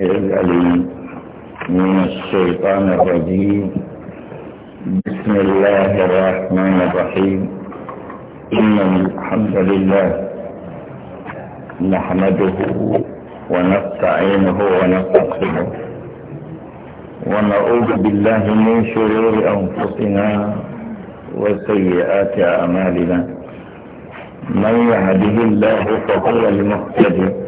العلي من الشيطان الرجيم بسم الله الرحمن الرحيم إن الحمد لله نحمده ونستعينه ونستغفره ونعوذ بالله من شرور أنفسنا وسيئات أعمالنا من يهده الله فهو المقتدر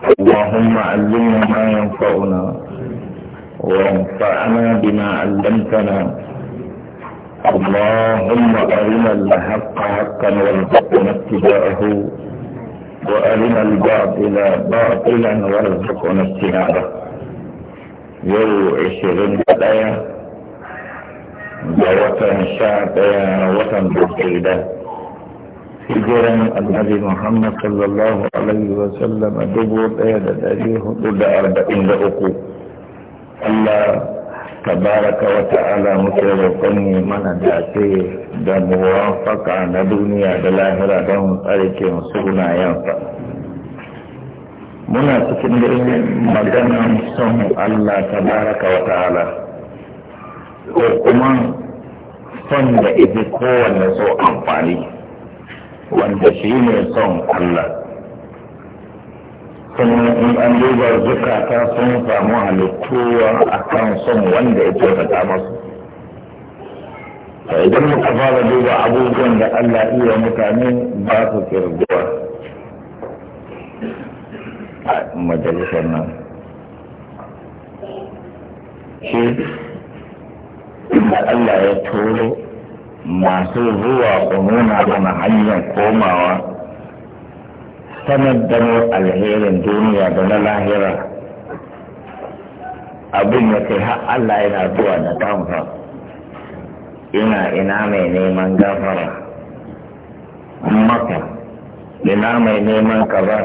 اللهم علمنا ما ينفعنا وانفعنا بما علمتنا اللهم أرنا الحق حقا وارزقنا اتباعه وأرنا الباطل باطلا وارزقنا اجتنابه يو عشرين بداية da شعبيه وطن ɗaya hijiran annabi Muhammad sallallahu alaihi wa sallam dubu ɗaya da ɗari hudu da arba'in da uku. Allah tabaraka wa ta'ala muke roƙon ne mana dace da muwafaka na duniya da lahira don tsarkin sunayensa. Muna cikin da maganan son Allah tabaraka wa ta'ala. Ko kuma son da ita kowane so amfani. wanda shi ne son Allah sannan in an duba zukata sun samu halittuwa a kan son wanda ya kyautata masu idan muka fara duba abubuwan da Allah iya mutane ba su kirguwa a majalisar nan shi inda Allah ya turo masu zuwa ku nuna hanyar komawa sanar da mu alherin duniya da na lahira abin ya kai har Allah yana zuwa da kanfa ina ina mai neman gafara maka ina mai neman kaza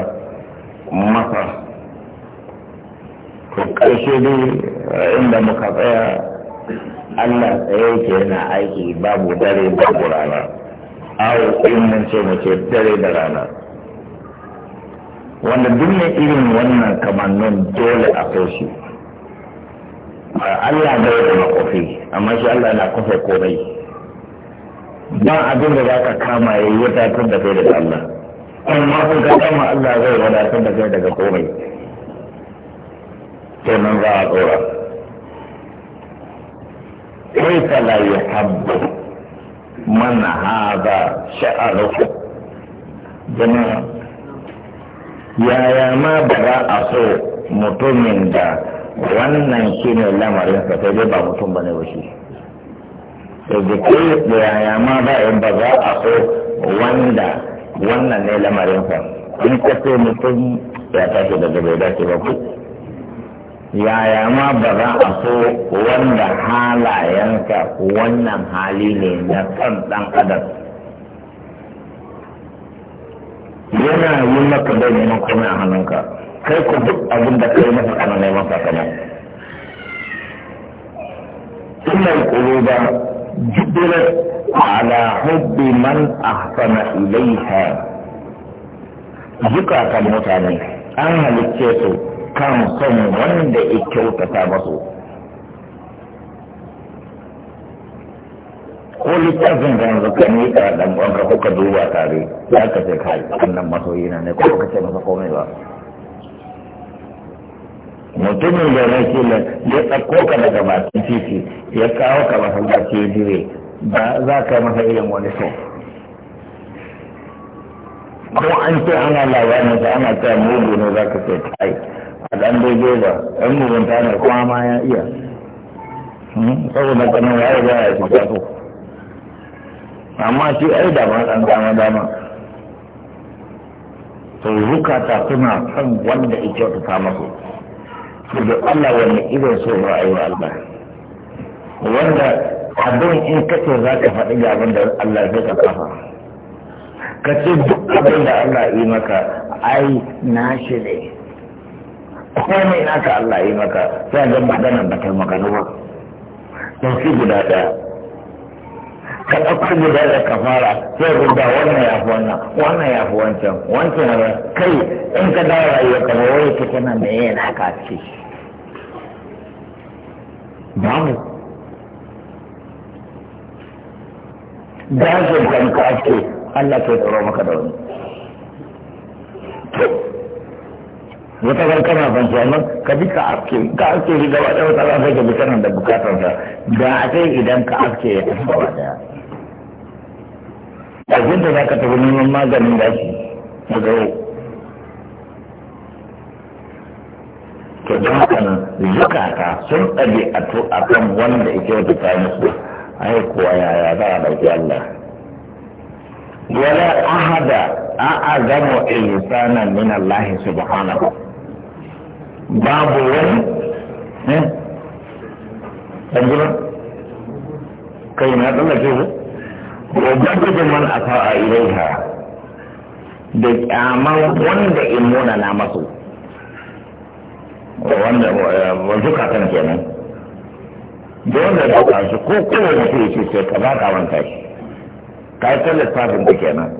maka to ƙarshe dai inda muka tsaya Allah tsaye yake yana aiki babu dare babu rana awo in mun ce mu ce dare da rana wanda duk irin wannan kamannin dole a kai shi Allah bai da makofi amma shi Allah na kofa komai ba abin da za ka kama ya yi tun da kai daga Allah amma kun ka kama Allah zai wadatar da kai daga komai nan za a tsora كيف لا يحب من هذا شعره جماعة يا يا ما بدا أسو دا wannan shi ne lamarin sa sai dai ba mutum bane ba shi da jiki da yaya ma ba in ba za a so wanda wannan ne lamarin sa in ka mutum ya tashi daga bai dace ba ku yaya ma ba za a so wanda halayenka wannan hali ne na kan ɗan adam yana yi maka da neman komai a hannunka kai ku duk abin da kai masa kana neman sakamako inna al-quluba jubilat ala hubbi man ahsana ilaiha zukatan mutane an halicce su kan son wanda ya kyautata masu ko littafin kan yanzu ka ne ka dan wanka ko duba tare za ka ce kai wannan masoyi na ne ko ka ce masa komai ba mutumin da na ke ya tsakko ka daga bakin titi ya kawo ka masallaci ya dire ba za ka masa irin wani so ko an ce ana labarin sa ana ta mugu ne za ka ce kai a ɗan daidai ba ɗan mugunta ne kuma ma ya iya hmm? saboda kanin ya yi ya shiga so amma shi ai ma ɗan dama dama to zukata suna son wanda ya ta masu su da Allah wani irin so ba a yi wa Allah wanda abin in kace za ka faɗi ga abin da Allah ya ka kafa ka ce duk abin da Allah yi maka ai na shi ne komai naka Allah yi maka sai ga magana ba maka magana ba dauki guda ɗaya. ka ɗauki guda da ka fara sai guda wannan ya fi wannan wannan ya fi wancan wancan ya kai in ka dawo rayuwa ka ba wai kake nan da yayin haka a ciki babu dajin kan ka ake Allah ke tsoro maka da wani wata bar kana son su amma ka bi ka aske ka aske shi gaba ɗaya wata ran sai ka bi kana da bukatarsa da a sai idan ka aske ya tafi gaba ɗaya abin da za ka tafi neman maganin gashi na gawo to don haka nan zukata sun ɗabi a to a kan wanda yake wata ta musu ai kuwa yaya za a ɗauki Allah wala ahada a azamu ihsanan min Allah subhanahu babu wani ɗanjira eh? kai na ko ku wajen man a fa'a ilaiha da kyaman wanda in muna na masu wanda eh, wanzu kakan kenan da wanda ya ɗauka shi ko kowane su yi sai ka ba ka wanka shi ka yi tsallar fafin da kenan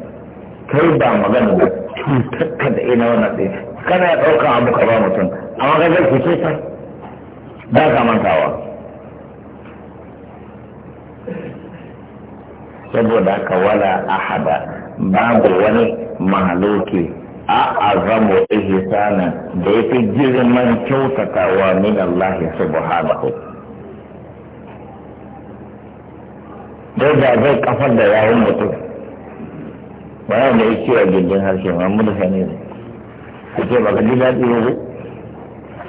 kai ba magana da cutar ka da ina wannan ɗaya kana ya ɗauka abu ka ba mutum a magajar fice ka? ba ka mantawa saboda ka wala ahada babu wani mahaloki a azamu ihsana da ya fi girman kyautatawa min Allah subhanahu dai da zai kafar da yawon mutum bayan da ya ciwo gindin harshe mamu da sani ne ku ba ka ji daɗi ne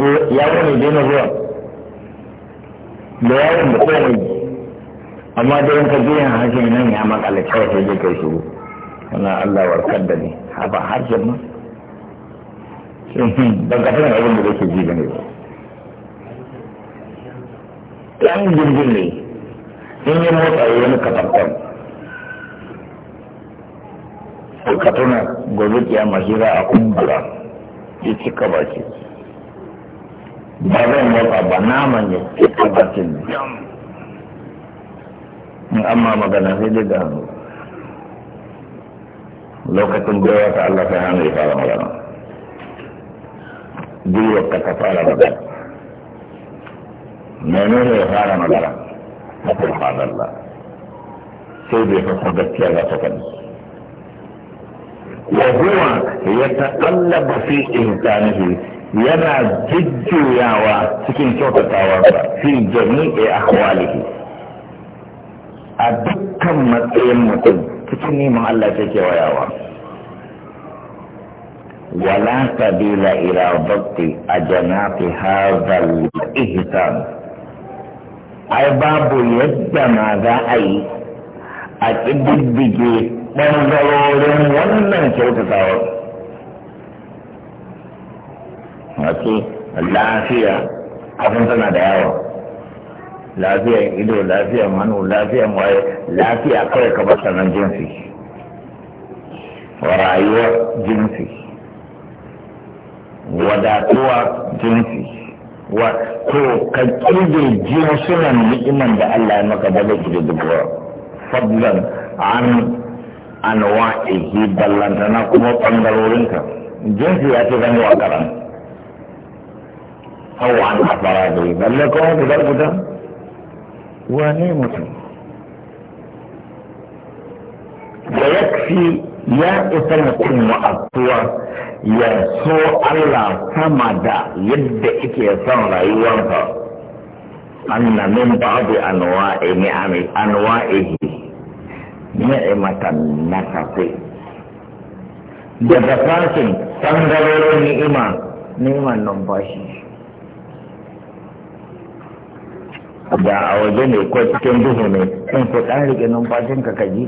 yawo ne daina zuwa da yawon da komai amma da yanka biyan harshen nan ya makala kawai sai zai kai shiru wannan Allah warkar da ni ha ba harshen ma ban na sanin abin da kake ji bane ba yan jirgin ne in yi motsa yi wani katakon ka tuna gobe kiyama shi za a kumbura ya cika baki ba zan motsa ba naman ya cika bakin in amma magana sai dai da lokacin da wata Allah sai hannu ya fara magana gwiwar ka fara magana menene ya fara magana na kurfan Allah sai bai fasa gaskiya za ta faɗi وهو يتقلب في إمكانه yana jujjuyawa cikin kyautatawa fi a ahwalihi a dukkan matsayin mutum cikin neman Allah ke wayawa. wala sabila ila bakti a janafi hazal ihsan ai babu yadda ma za a yi a ƙididdige ɓangarorin wannan kyautatawar wato lafiya abin tana da yawa lafiya ido lafiya manu lafiya waye lafiya kawai ka bar nan jinsi wa rayuwar jinsi wadatuwa jinsi wa ko ka kide jinsunan ni'iman da Allah ya maka da zai da dubuwa fadlan an anwa'ihi ballantana kuma ka? jinsi ya ce zama wa karan hau an kafara da yi balle kuma ku bar gudan wane mutum da ya fi ya isa mutum wa'azuwa ya so Allah sama da yadda ike son rayuwarsa anna min ba'di daga sashin sangarorin ni'ima ni'man numfashi da a waje ne ko cikin duhu ne in ku ɗan rike numfashin ka kaji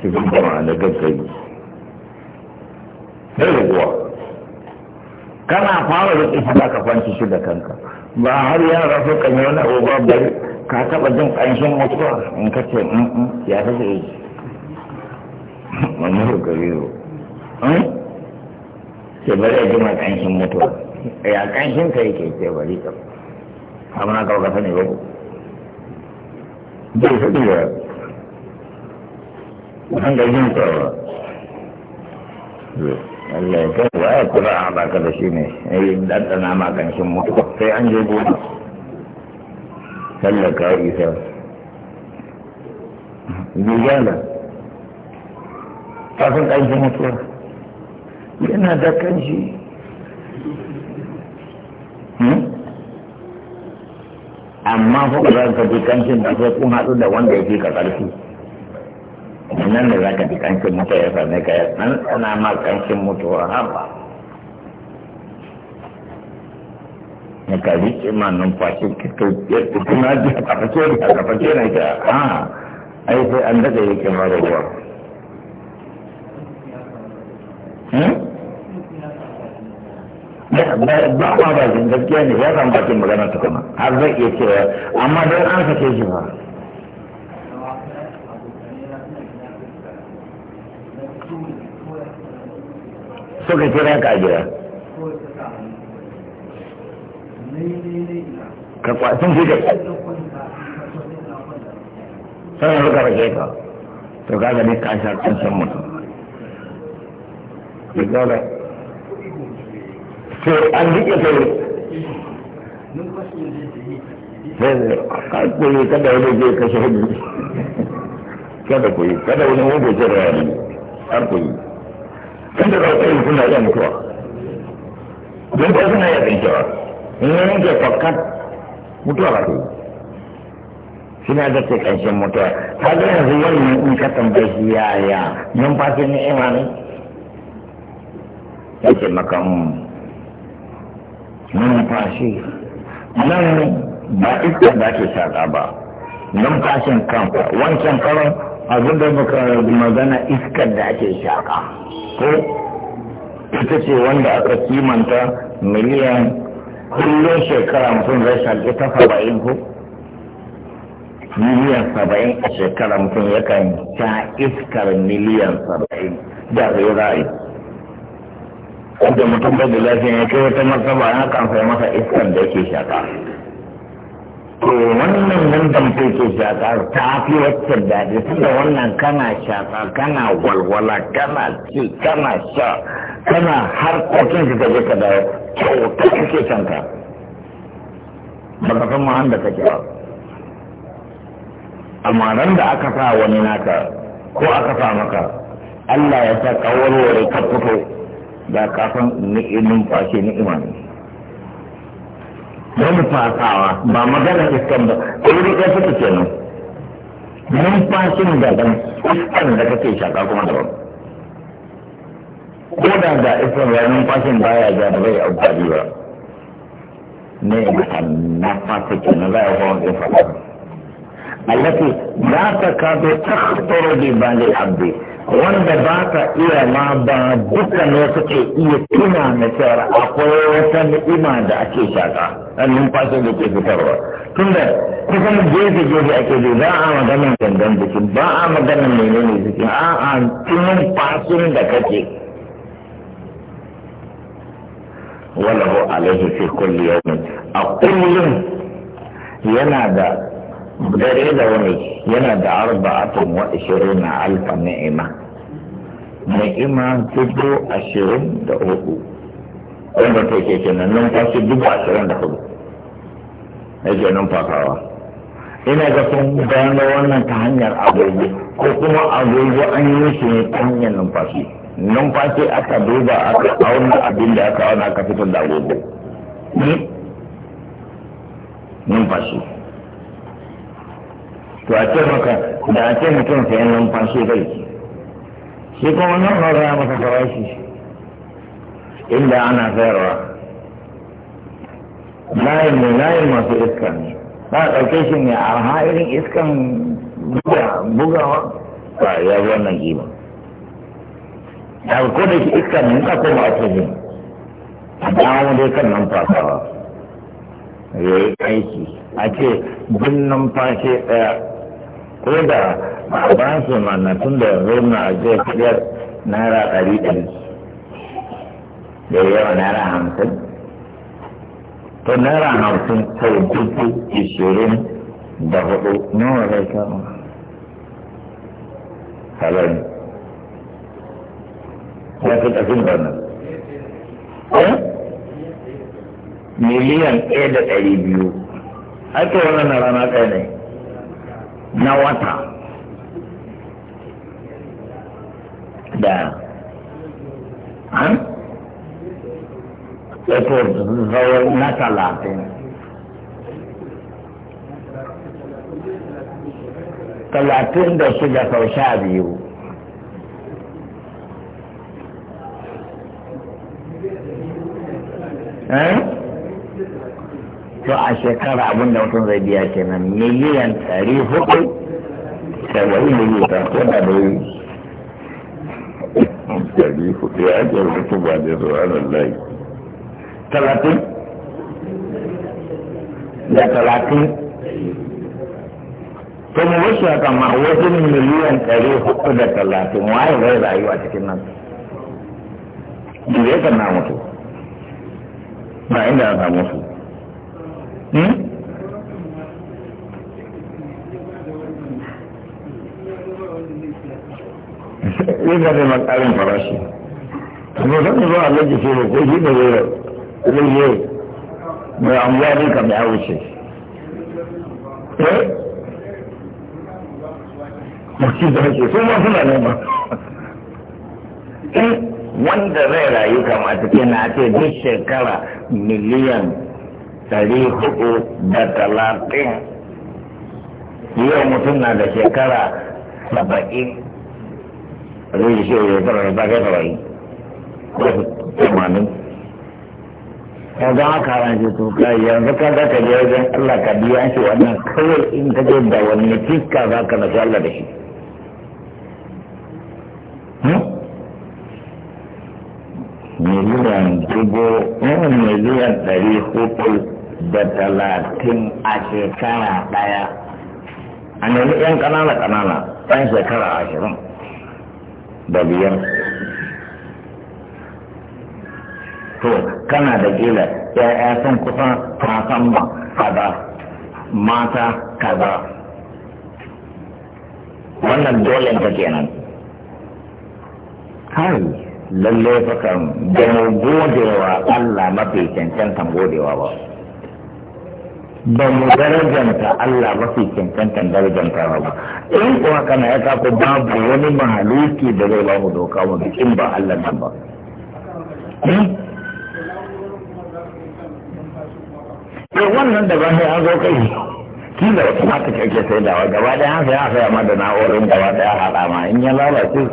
ki zai kuma da gaggari sai rukuwa kana fara rike shi ka kwanci shi da kanka ba har yana su kan yi wani abubuwa bari ka taɓa jin ƙanshin mutuwa in ka ce mm, mm, ya fi zai yi wani rukari ro ke bari a jima ma ƙanshin mutuwa ya ƙanshin ka yake ce bari ka amma na kawo kasa ne ba an ga yin Allah ya kai wa ya kula a baka da shi ne yi ɗanɗana ma ƙanshin mutuwa sai an je gona tallaka isa mutuwa yana da amma ko ka zaka ji kanshin da sai kun haɗu da wanda yake ka ƙarfi nan da zaka ji kanshin mata ya same ka ya san ma kanshin mutuwa haba na ka riƙe ma numfashi kuma ji a kafafe a kafafe na ka a ah, ai sai an daga yake mara ruwa. Hmm? ba ba ba jin gaskiya ne ya samu bakin magana ta kuma har zai iya cewa amma don an sake shi suka kira ka gida ka kwasan fi da sanar suka rage ka to kaga ne ka sha kan san to an rike ta ne kai ku yi kada wani zai kashe hudu kada ku kada wani wani zai jira yari har ku yi kada za ku mutuwa don ba suna iya tsinkewa in yi mutuwa ba ku ce ƙarshen mutuwa ta ga yanzu wannan ka tambaye shi yaya numfashi ne ima ne ya ce maka mm. numfashi nan ba iska da ake shaƙa ba numfashin kanka wancan karon abin da muka magana iskar da ake shaƙa ko ita ce wanda aka kimanta miliyan kullum shekara mutum zai shaƙi ta saba'in ko miliyan saba'in a shekara mutum yakan sha iskar miliyan saba'in da zai rayu. wanda mutum bai da lafiya ya kai wata martaba ya kan sai masa iskar da yake shaka to wannan wanda mutum ke shaka ta fi wacce daɗi tunda wannan kana shaka kana walwala kana ci kana sha kana kwakin ka je ka dawo kyauta kake shanka ba ka san da kake ba amma nan da aka sa wani naka ko aka sa maka Allah ya sa kawarware ka fito da kafin ni'imin fashe ni'ima ne wani fasawa ba magana iskan ba ɗauri ɗaya suka ce nan numfashin daban iskan da kake shaka kuma da wani ko da ga iskan ya numfashin ya ja da bai amfani ba ne na fasa ke nan za a kuma wani fasa التي لا تكاد تخطر ببال العبد wanda ba ka iya ma ba dukkan suke iya tuna na cewa akwai wata ni'ima da ake shaka a numfashin da ke fitarwa tunda kusan gefe gefe ake bi ba a maganin gangan jikin ba a maganin menene jikin a a tunan fasin da kake ho alaihi fi kulli yawmin a kullum yana da dare da wani yana da arba tun wa ishirin na alfa ni'ima ni'ima dubu ashirin da uku wanda ta ke nan numfashi dubu ashirin da hudu ke numfakawa ina ga sun gano wannan ta hanyar agogo ko kuma agogo an yi shi ne ta hanyar numfashi numfashi aka duba aka auna abin da aka auna aka fitar da agogo numfashi to a ce maka da a ce mutum sayan numfashi zai shi kuma nan na ya masa farashi inda ana sayarwa layin mai layin masu iska ne ba a ɗauke shi ne A ha'irin iskan bugawa ba ya wannan kima da ko da shi iska ne ta koma a cikin a dawo dai kan fasawa. ya yi aiki a ce nan numfashi ɗaya ko da ba ba su mana tun da yanzu na ajiye kudiyar naira ɗari ɗari da yawa naira hamsin to naira hamsin sau dubu ishirin da hudu nawa zai kama halari ya fi ƙasin wannan eh? miliyan ɗaya da ɗari biyu ake wannan na rana ɗaya ne na wata da an eto zawar na talatin talatin da shida sau sha biyu eh to a shekara abin da mutum zai biya kenan miliyan ɗari hudu da wani miliyan ta ko da bai ɗari hudu ya ake mutu ba da zuwanan lai talatin da talatin to mu wasu ya kama wasu miliyan ɗari hudu da talatin waye zai rayuwa cikin nan duk ya kan na mutu ba inda ya samu su yin hmm? da mai farashi kuma zan zuwa alaji ce da ko shi da zai zai mai amuwa ne kam ya wuce eh mutu da ake su ma suna nema eh, wanda zai rayu kamata kenan a ce duk shekara miliyan ɗari hudu da talatin yau mutum na da shekara saba'in zai shi yau tara da kai saba'in ko tamanin ka ga haka ran shi to kai yanzu ka za ka je wajen Allah ka biya shi wannan kawai in ka je da wani fiska za ka nasu Allah da shi hmm? miliyan dubu hmm, miliyan ɗari hudu da talatin a shekara ɗaya a nemi 'yan ƙanana-ƙanana 'yan shekara ashirin da biyar to kana da ƙila 'ya'ya sun kusa kasan ba kaza mata kaza wannan dole ta kenan kai lalle fakan da mu godewa Allah mafi cancantan godewa ba ba mu darajanta Allah mafi cancantan darajanta ba ba in kuwa kana ya kafa babu wani mahaluki da zai ba mu doka mu in ba Allah nan ba hmm? to wannan da ba sai an zo kai da wata ta kake sai da gaba da an sai a saya ma da na'urin gaba daya haɗa ma in ya lalace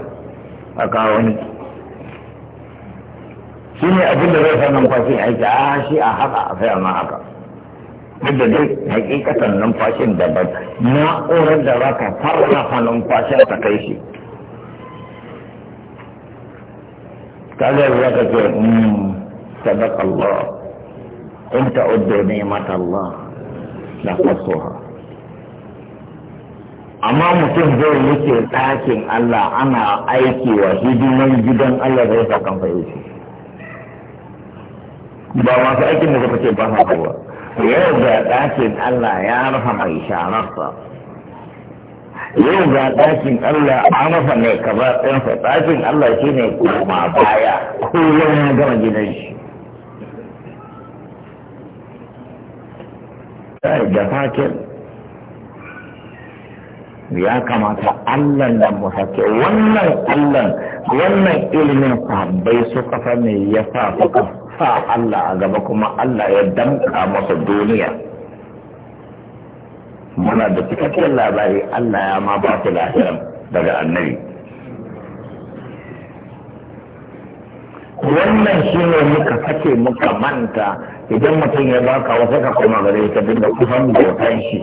a kawo ni shi ne abin da zai sanan kwashi aiki a ah, shi a haka a saya haka duk da dai hakikatan numfashin daban na'urar da za ka farrafa numfashin ta kai shi kaga za ka ce hmm, sadaka Allah in ne mata Allah la qasuha amma mutum zai wuce ɗakin Allah ana aiki wa hidiman gidan Allah zai sa kan fahimci ba masu aikin da suka ce ba haka ba yau ga ɗakin Allah ya rufe mai shararsa yau ga ɗakin Allah an rufe mai kaza ɗinsa ɗakin Allah shi ne koma baya ko ya gama gidan shi da fakin ya kamata Allah da mu wannan Allah wannan ilimin sahabbai suka fa ne ya sa suka sa Allah a gaba kuma Allah ya damka masa duniya muna da cikakken labari Allah ya ma ba su lahiran daga annabi wannan shi ne muka sake muka manta idan mutum ya baka wasu ka koma gare ka dinga kusan bautan shi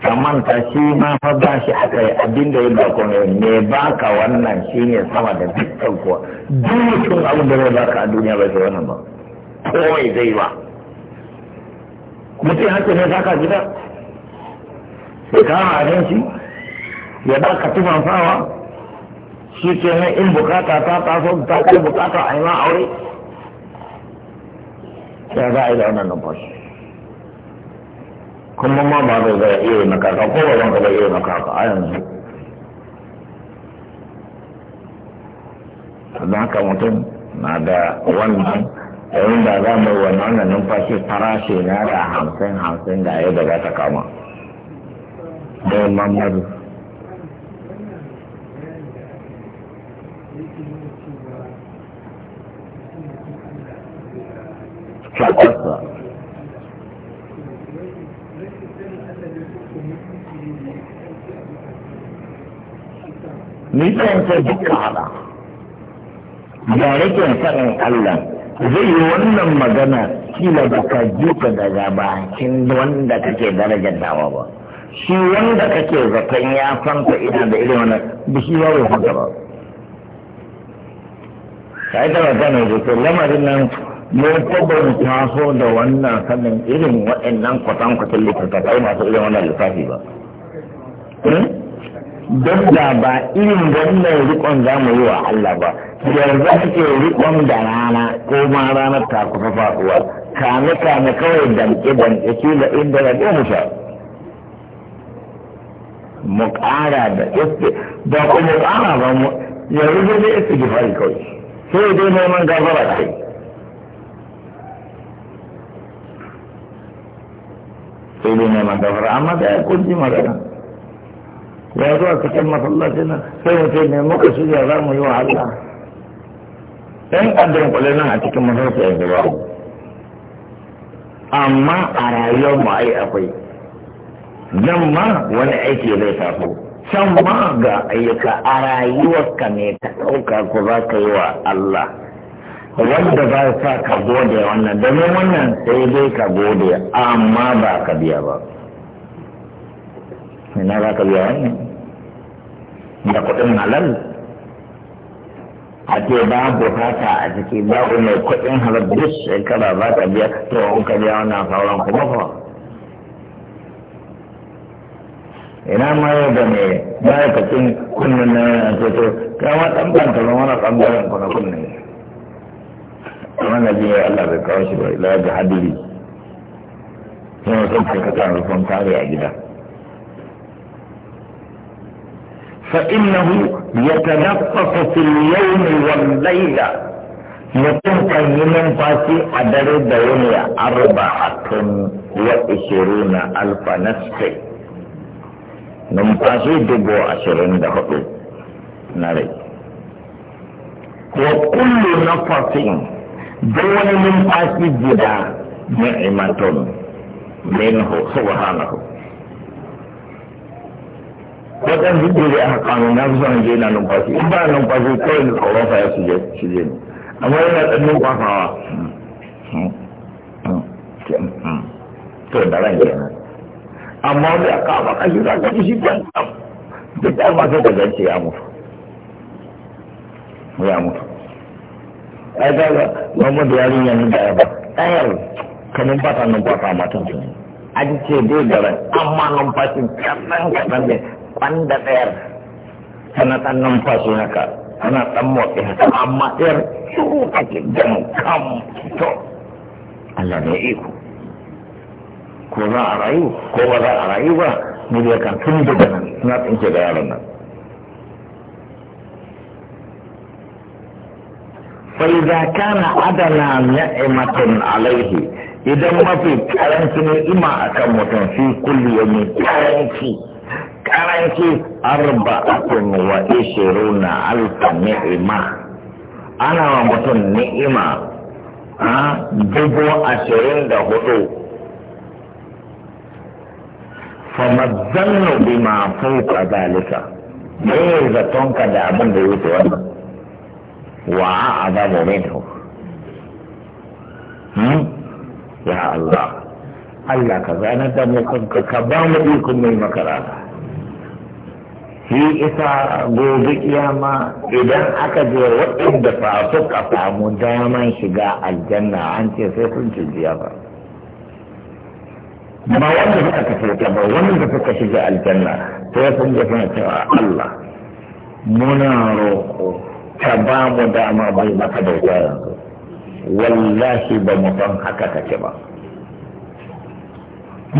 ka manta shi ma fa ba shi aka yi abin da ya ba ku ne me ba ka wannan shi ne sama da dukkan kuwa dukkan abin da zai ba ka a duniya bai sai wannan ba kawai zai ba mutum haka ne za ka gida sai kama abinci ya ba ka tufan fawa shi ke nan in bukata ta taso ta kai bukata a yi ma aure ya za a yi da wannan numfashi kuma ma ba zai zai iya maka ka ko ba zan ka iya makaka, ka a yanzu don haka mutum na da wannan yayin da za mu wannan wanda numfashi farashi na da hamsin hamsin da ya daga ta kama don mamadu Shakwasa, nisan ta duka hada da rage sanin Allah zai yi wannan magana kila ba ka jika daga bakin wanda kake darajar dawa ba shi wanda kake zaton ya fanta ina da irin wannan da shi ba bai fanta ba sai da magana da ke lamarin nan mu tabbata taso da wannan sanin irin waɗannan kwatankwatan littattafai masu irin wannan littafi ba. Hmm? don da ba irin wannan rikon za mu yi wa Allah ba yanzu ake rikon da rana ko ma ranar ta kusa faɗuwa kame kame kawai damke damke kila inda da ɗin musa mu ƙara da iske ba ku mu ƙara ba mu yanzu zai zai iske gifari kawai sai dai neman gafara kai sai dai neman gafara amma da ya kunji magana ya zuwa cikin masallacin nan sai mutum ne muka shirya za mu yi wa Allah ɗan ƙaddarin kwallon nan a cikin masallaci ya babu amma a rayuwar mu ai akwai nan ma wani aiki zai taso can ma ga ayyuka a rayuwarka ne ta ɗauka ko za ka yi wa Allah wanda ba sa ka gode wannan domin wannan sai dai ka gode amma ba ka biya ba. Ina za ka biya wannan? da kuɗin halal a ce babu haka a ciki ku mai kuɗin halal duk shekara ba ka biya to in ka biya wannan fawon kuma fa ina ma yau da mai ma'aikacin kunnen na yana ce to ma ɗan pantalon wani ɓangaren kuna kunne kamar na biya Allah bai kawo shi ba ila ga hadiri yana san ka kan rufin kare a gida. فإنه يتنفس في اليوم والليلة mutum kan yi numfashi a dare da wani arba'atun wa ishiruna alfa nasfi numfashi dubu ashirin da hudu na rai wa kullu fasin. duk wani numfashi guda ni'imatun minhu subhanahu wajen duk da aka kano na fi son je yana numfashi in ba numfashi kawai da tsoron fa ya shige shige ne amma yana ɗan numfasawa to da ran kenan amma wanda aka ba kashi za ka shi kan da ta ma sai ka gance ya mutu ya mutu ai ga Muhammadu yarin yana da yaba ɗayar kanin ba ta kwanda tsayar tana ɗan numfashi haka tana ɗan motsi ta amma tsayar shuru take dan kam to Allah ne iko ko za a rayu ko ba za a rayu ba ne da kan tun daga nan suna tsinke da yaron nan فإذا كان أدنى نعمة عليه إذا ما في كرنسي إما أكمتن في كل يوم كرنسي karanci arba'atun wa na alfa ni'ima ana wa mutum ni'ima a dubu ashirin da hudu bi ma fauka zalika me ka da abin da wuce wannan wa azabu minhu hmm? ya Allah Allah ka zanar da mu kanka ka ba mu ikon mai makarata shi isa gobe kiyama idan aka je waɗanda ba suka samu daman shiga aljanna an ce sai sun ci jiya ba ba wanda suka kafe ta ba wanda suka shiga aljanna sai sun ga suna cewa Allah muna roƙo ta ba mu dama bai maka da yanzu wallahi ba mu san haka kake ba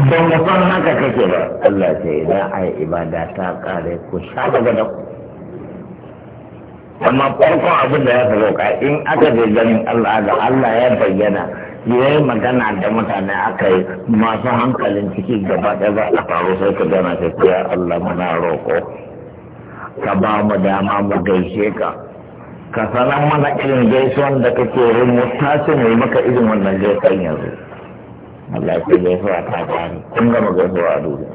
ban da san haka kake ba Allah ce idan a yi ibada ta kare ku sha daga da ku amma farkon abin da ya roka in aka je ganin Allah ga Allah ya bayyana ya yi magana da mutane aka yi masu hankalin ciki gaba ɗaya za a faru sai ka gana ta kuya Allah muna roƙo ka ba mu dama mu gaishe ka ka sanar mana irin gaisuwan da kake rumu ta ce mai maka irin wannan gaisuwan yanzu Allah ya gaisuwa ta gani kun gama gaisuwa a duniya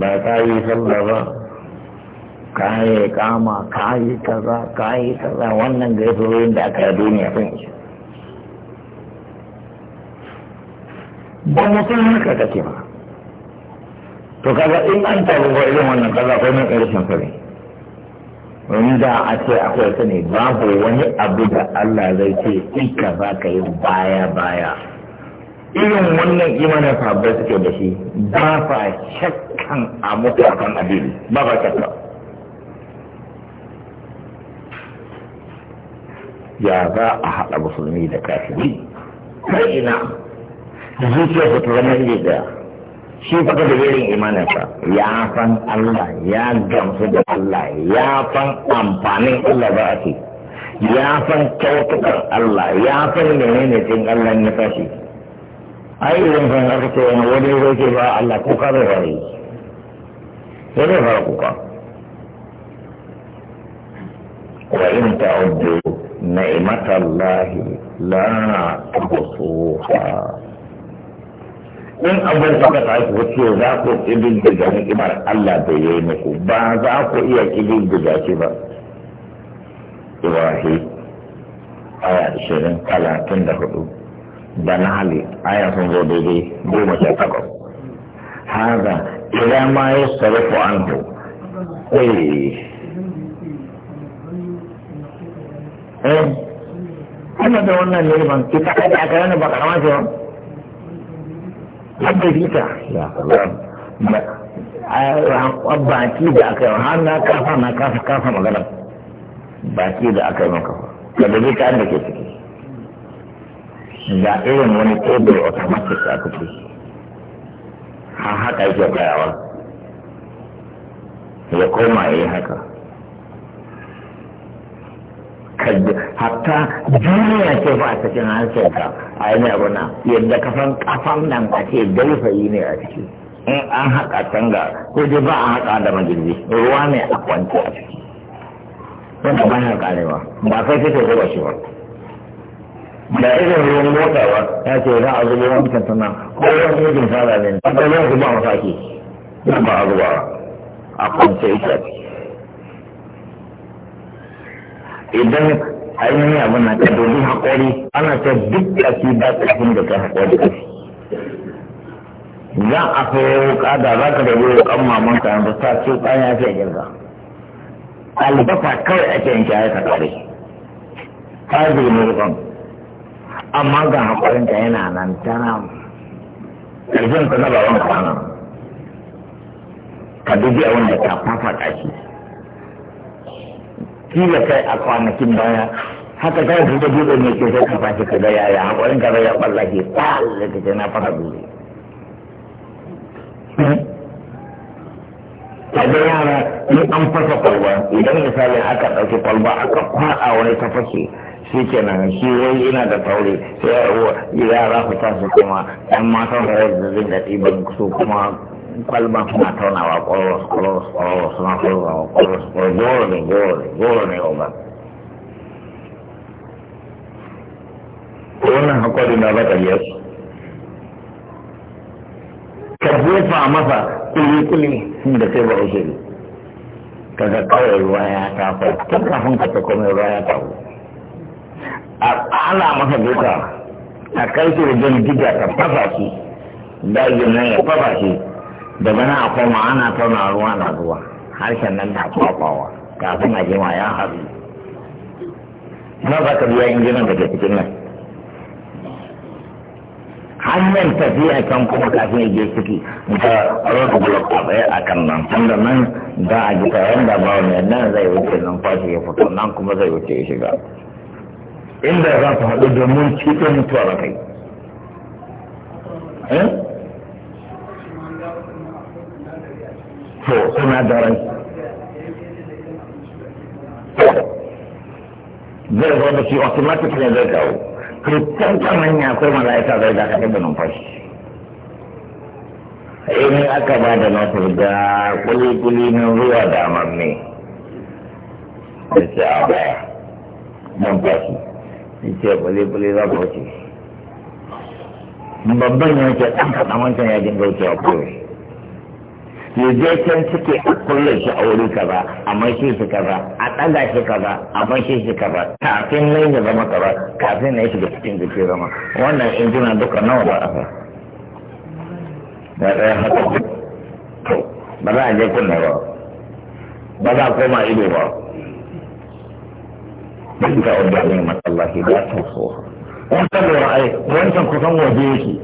ba ta yi sallah ba ka yi kama ka yi kaza ka yi kaza wannan gaisuwoyin da aka yi duniya sun yi ba mutum haka kake ba to kaga in an tabu ba irin wannan kaza ko nan irin sani da a ce akwai ta ne babu wani abu da Allah zai ce in ka za ka yi baya baya irin wannan imanin sabbai suke da shi ba fa shakkan a mutu a kan ba shakka ya za a haɗa musulmi da kafiri kai ina zuciya ta zama iya daya shi fa da irin imaninsa ya san Allah ya gamsu da Allah ya san amfanin Allah za a ce ya san kyautukan Allah ya san menene cin Allah ya fashi. ai irin san aka ce wani zai ce ba Allah kuka zai fara yi sai zai fara kuka wa in ta'uddu ni'matallahi la tuhsuha in abin suka tashi wato za ku ibin diga ni'imar Allah da ya yi muku ba za ku iya ibin diga shi ba Ibrahim aya ashirin talatin da hudu da hali aya sun zo daidai goma sha takwas haza idan ma ya sarrafa an ku eh. eh ana da wannan neman kita kada aka yana ba kamata ba hadda fita ya Allah baki da aka yi har na kafa na kafa kafa magana baki da aka yi maka ka da ka da ke ciki ga irin wani tebur automatic a kuɗi har haka yake tsayawa ya koma ya yi haka hatta duniya ce ba a cikin hancinka a yi abu na yadda kafan kafan nan a ce dausayi ne a ciki in an haƙa tanga ko dai ba a haƙa da magirbi ruwa ne a kwanci a ciki wanda ba ya karewa ba Ba kai sai ta zuba shi ba da irin ruwan mota ba ya ce za a zuba wani tana ko wani yajin fara ne ba da ruwan zuba a ba a zuba a kwanci a ciki idan ainihin abin na ka dobi haƙori ana ta duk da shi ba fi da ka haƙori ƙafi za a sayo wuka da za ka dobi wukan maman ka yanzu ta ce ɗan ya fi girga albasa kawai ake yanke ya ka kare ta zirme wukan amma ga haƙorinta yana nan tana ƙarfin ta na baban ka nan ka dubi a wanda ta fafa ƙashi kila kai a kwanakin baya haka kai su da dutse ne ke sai ka fashi ka da yaya hakurin ka ya balla ke kwalle ka ce na fara dutse kaga yara in an fasa kwalba idan misali aka ɗauki kwalba aka kwaɗa wani ta fashe shi nan shi wai ina da taure sai yara su tashi kuma ɗan matan rayar da zai daɗi ban su kuma kwalba kuma taunawa wa kwaros kwaros suna kwaros kwaros kwaros goro ne goro ne goro ne ogan wannan hakuri na baka biyar ka jefa masa kuli kuli da sai ba ushiri kaga kawai ruwa ya tafi tun kafin ka ta komai ruwa ya tafi a ala masa duka a kai shi wajen diga ka fafa shi dajin nan ya fafa shi daga nan a koma ana tauna ruwa na zuwa harshen nan na kwakwawa kafin a jima ya haɗu na za ka biya injinan da ke cikin nan hanyar tafiya kan kuma kafin ya je ciki da rufe block a tsaye a kan nan da nan za a ji yadda ba wani yadda zai wuce nan fashe ya fito nan kuma zai wuce ya shiga inda za ku haɗu domin cikin mutuwa kai eh? to sinadarai zai zo da shi automatic ne zai kawo kristan kan hanya akwai mala'ika zai dakatar da numfashi in aka ba da nasir da kuli-kuli na ruwa da amanni da ce a baya don fashi ce kuli-kuli za ka wuce babban yanke ɗan kaɗan wancan yajin gaucewa ya je can suke a kulle shi a wuri kaza a mashi shi kaza a ɗaga shi kaza a mashi shi kaza kafin nan ya zama kaza kafin na shi shiga cikin jiki zama wannan injina duka nawa ba a da ɗaya haka ba za a je kunne ba ba za a koma ido ba duk da wanda ne masallaci ba ta so wancan da ra'ayi wancan kusan waje yake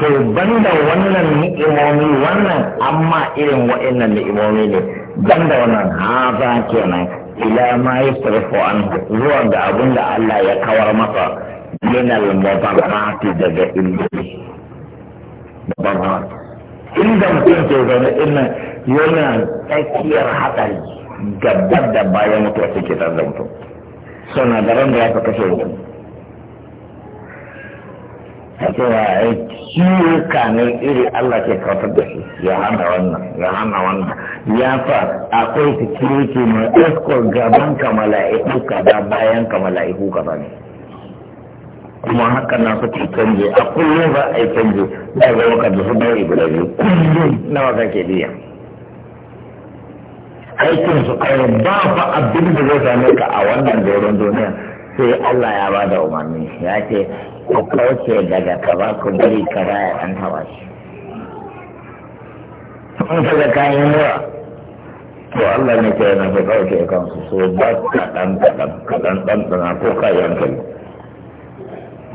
to banda wannan ni'imomi wannan amma irin wa'annan ni'imomi ne banda wannan haza kenan ila ma yasrifu anhu zuwa ga abin da Allah ya kawar masa min al-mudarrati daga ilmi In da mutum ke zaune innan yana tsakiyar hatsari gabar da bayan mutuwa suke tare da mutum sanadaran da ya fi kashe mutum a cewa ya ciwo kanin iri Allah ke kautar da shi ya hana wannan ya hana wannan ya fa akwai security mai escort gaban ka mala'iku da bayan ka mala'iku ba ne kuma haka na suke canje a kullum ba a yi canje ba ga waka da su bari guda biyu kullum waka ke biya aikin su kare ba fa abin da zai same ka a wannan doron duniya sai Allah ya ba da umarni ya ce ka kauce daga kaza ku bari ka ya an hawa shi in ga kayan mura to Allah ne ke yana ka kauce kansu so ba kaɗan kaɗan kaɗan ɗan ɗana ko yi hankali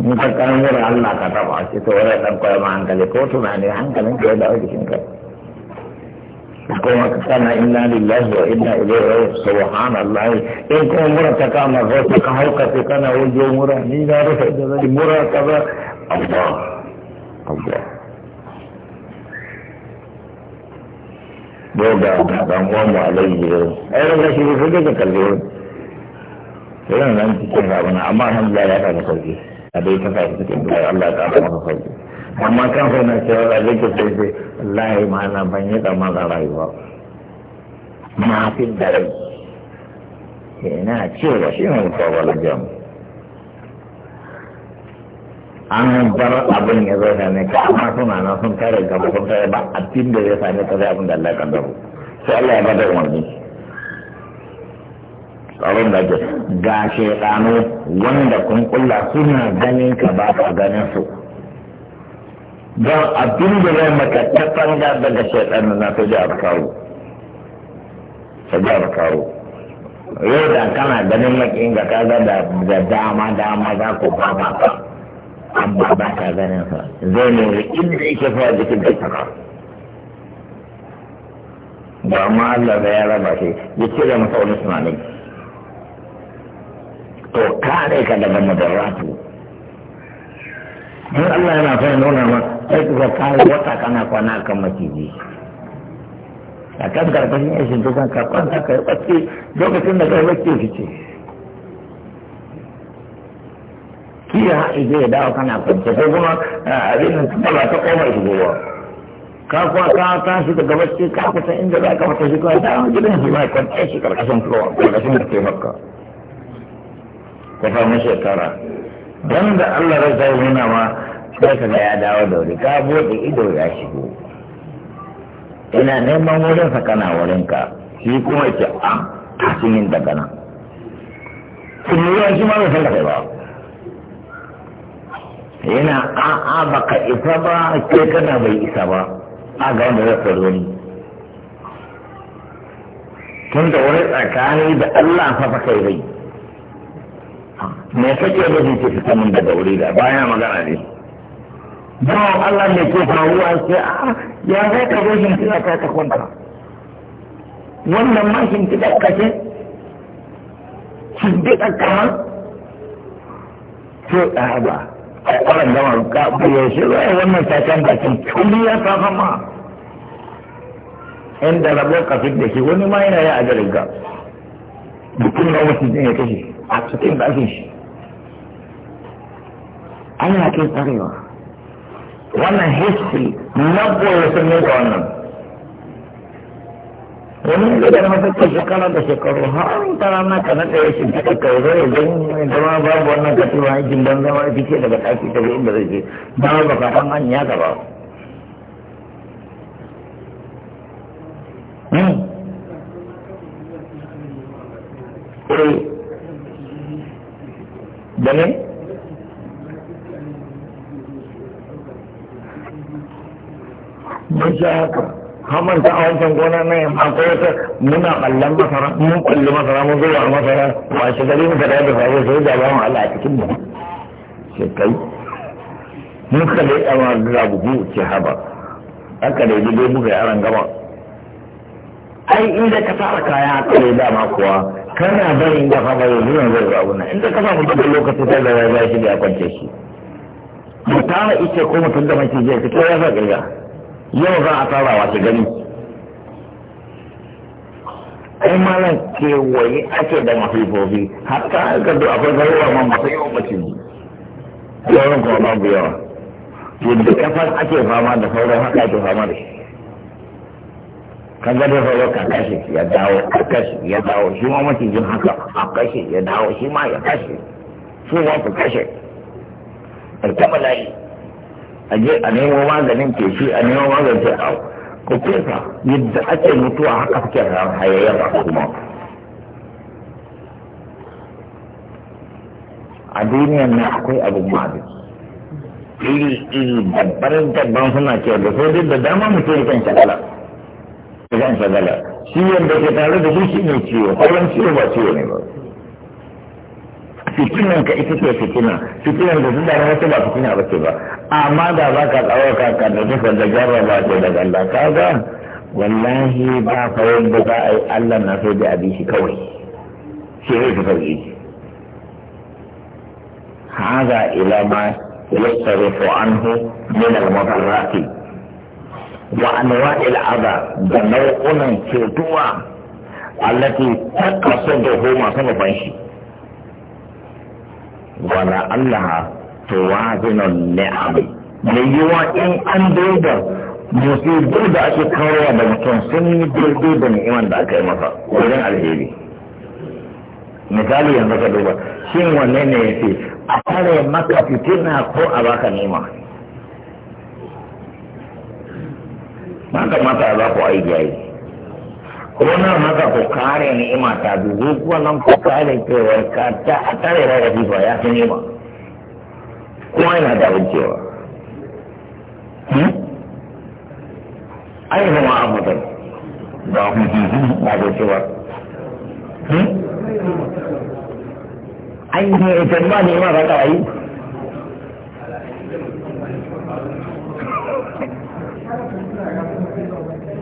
in ka kayan mura Allah ka taɓa shi to wani ɗan kwaya ma hankali ko tunani hankalin ka da dawo jikin kai kuma ka kana inna lillahi wa inna ilaihi raji'un subhanallah in kuma mura ta kama ko ta ka hauka sai kana waje mura ni na rufe da zai mura kaza Allah Allah boga dan uwan mu alaihi ai ran da shi ne sai ka kalle wannan nan cikin rabana amma alhamdulillah ya ka sauki a dai ta fara cikin Allah ta fara sauki amma kan sai na cewa da zai sai sai lahi ma na ban yi da maza rayuwa ma fi da rai eh, na cewa shi ne mutuwar jam an bar abin ya zai same ka amma suna na sun tare gaba sun tare ba tin da ya sami ta zai abin da Allah ya dabu sai Allah ya bada umarni tsaron da ga shekano wanda kun kulla suna ganin ka ba ka ganin su don abin da zai maka ta tsanga daga shaidan na ta ji abkaru ta ji abkaru yau da kana ganin makin ga kaga da dama dama za ku ba ma ka amma ba ka ganin sa zai ne inda yake fara jikin da saka ba ma Allah da ya raba shi ya cire masa wani tunanin to kare ka daga mudarratu in Allah yana fara nuna ma sai kuka kawo wata kana kwana kan maciji a kan karkashin ya shinto kan karkon ta kai bacci lokacin da kai bacci fice kiya ije ya dawo kana kwance ko kuma abin nan ta ba ta koma shi gowa ka kuwa ka shi daga bacci ka kusa inda za ka fita shi kawai hau gidan shi ma kwance shi karkashin floor karkashin da ke makka ko fa shekara don da Allah rasa yi nuna ma sai ka ya dawo da wuri ka buɗe ido ya shigo ina neman wurin sa kana wurin ka shi kuma ce a ah, tashin yin daga nan kun yi yawanci ma bai san da kai ba yana a'a baka isa ba ke kana bai isa ba a ga wanda zai faru ni tun da wani tsakani da Allah fa fa kai rai me kake da ke fita min daga wuri da baya magana ne bawan Allah ne ke faruwa sai a ya zai ka zo shin kira ka ta kwanta wannan ma shin kira shi, ce shin kira ka ma to a ba a kwaran gama ka buye shi zai wannan sakan bakin kuli ya safa ma inda labo ka fit da shi wani ma yana yi a garin ka dukkan na wasu ya kashe a cikin bakin shi ana kai tsarewa wannan history na goyo sun yi da wannan wani da da mafi shekara da shekaru har ta rana ka na ɗaya shi ta ɗauka zai idan zama babu wannan katiwa aikin don zama ya fice daga ɗaki ta zai inda zai je ba ba ka san an ya gaba hmm. Eh, da ne mun sha haka hamar ta wancan gona na yamma akwai wata muna ɓallan masara mun ɓalli masara mun zuwa masara ba shi gari muka da da faru sai da bawan Allah a cikin mu sai kai mun ka dai amma da bugu ce haba aka dai dai muka yaran gaba ai inda ka tara kaya aka dai dama kuwa kana barin da fa bai zuwa zai ga wannan inda ka samu duk lokacin sai da ya shi ya kwance shi mutara ice ko mutum da mace zai fito ya sa kirga yau za a tarawa shi gani ai malam kewaye ake da mafifofi hatta aka da akwai garuwa ma masu yawan mace ne yawan kuma babu yawa yadda kafar ake fama da sauran haka ake fama da shi ka ga da rawa ka kashe ya dawo ka kashe ya dawo shi ma macijin haka a kashe ya dawo shi ma ya kashe su ma ku kashe ta bala'i a je a nemo maganin ke shi a nemo maganin ke awo ku fesa yadda ake mutuwa haka suke ran hayayyar a kuma a duniyan nan akwai abin magani iri iri babbar dabban suna ce da sai da dama mutum kan shagala zan shagala ciwon da ke tare da shi shi ne ciwo sauran ciwo ba ciwo ne ba fitinan ka ita ce fitina fitinan da suna wata ba fitina ba ce ba amma da ba ka tsawaka ka da duka da ba ce daga Allah ka ga wallahi ba fa yadda za a yi Allah na sai da abi shi kawai shi zai fi sauki هذا إلى ما يصرف عنه من المضرات وأنواع الأذى بنوعنا كتوى التي تقصده ما سنفنشي ولعلها توازن النعم ليوا إن أندودا musibu da ake kawo da mutum sun yi da ni'imar da aka yi masa wurin alheri misali yanzu ka duba shin wanne ne ya a kare maka fitina ko a baka nima ba kamata za ku aiki yayi kuma nan haka ku kare ni'ima ta dubu kuma nan ku kare cewa ka ta a tare da rafi ba ya fi ni'ima kuma yana da cewa hmm? ai zama abu da ba ba da cewa hmm? ai ne ita ba ni'ima ba ta yi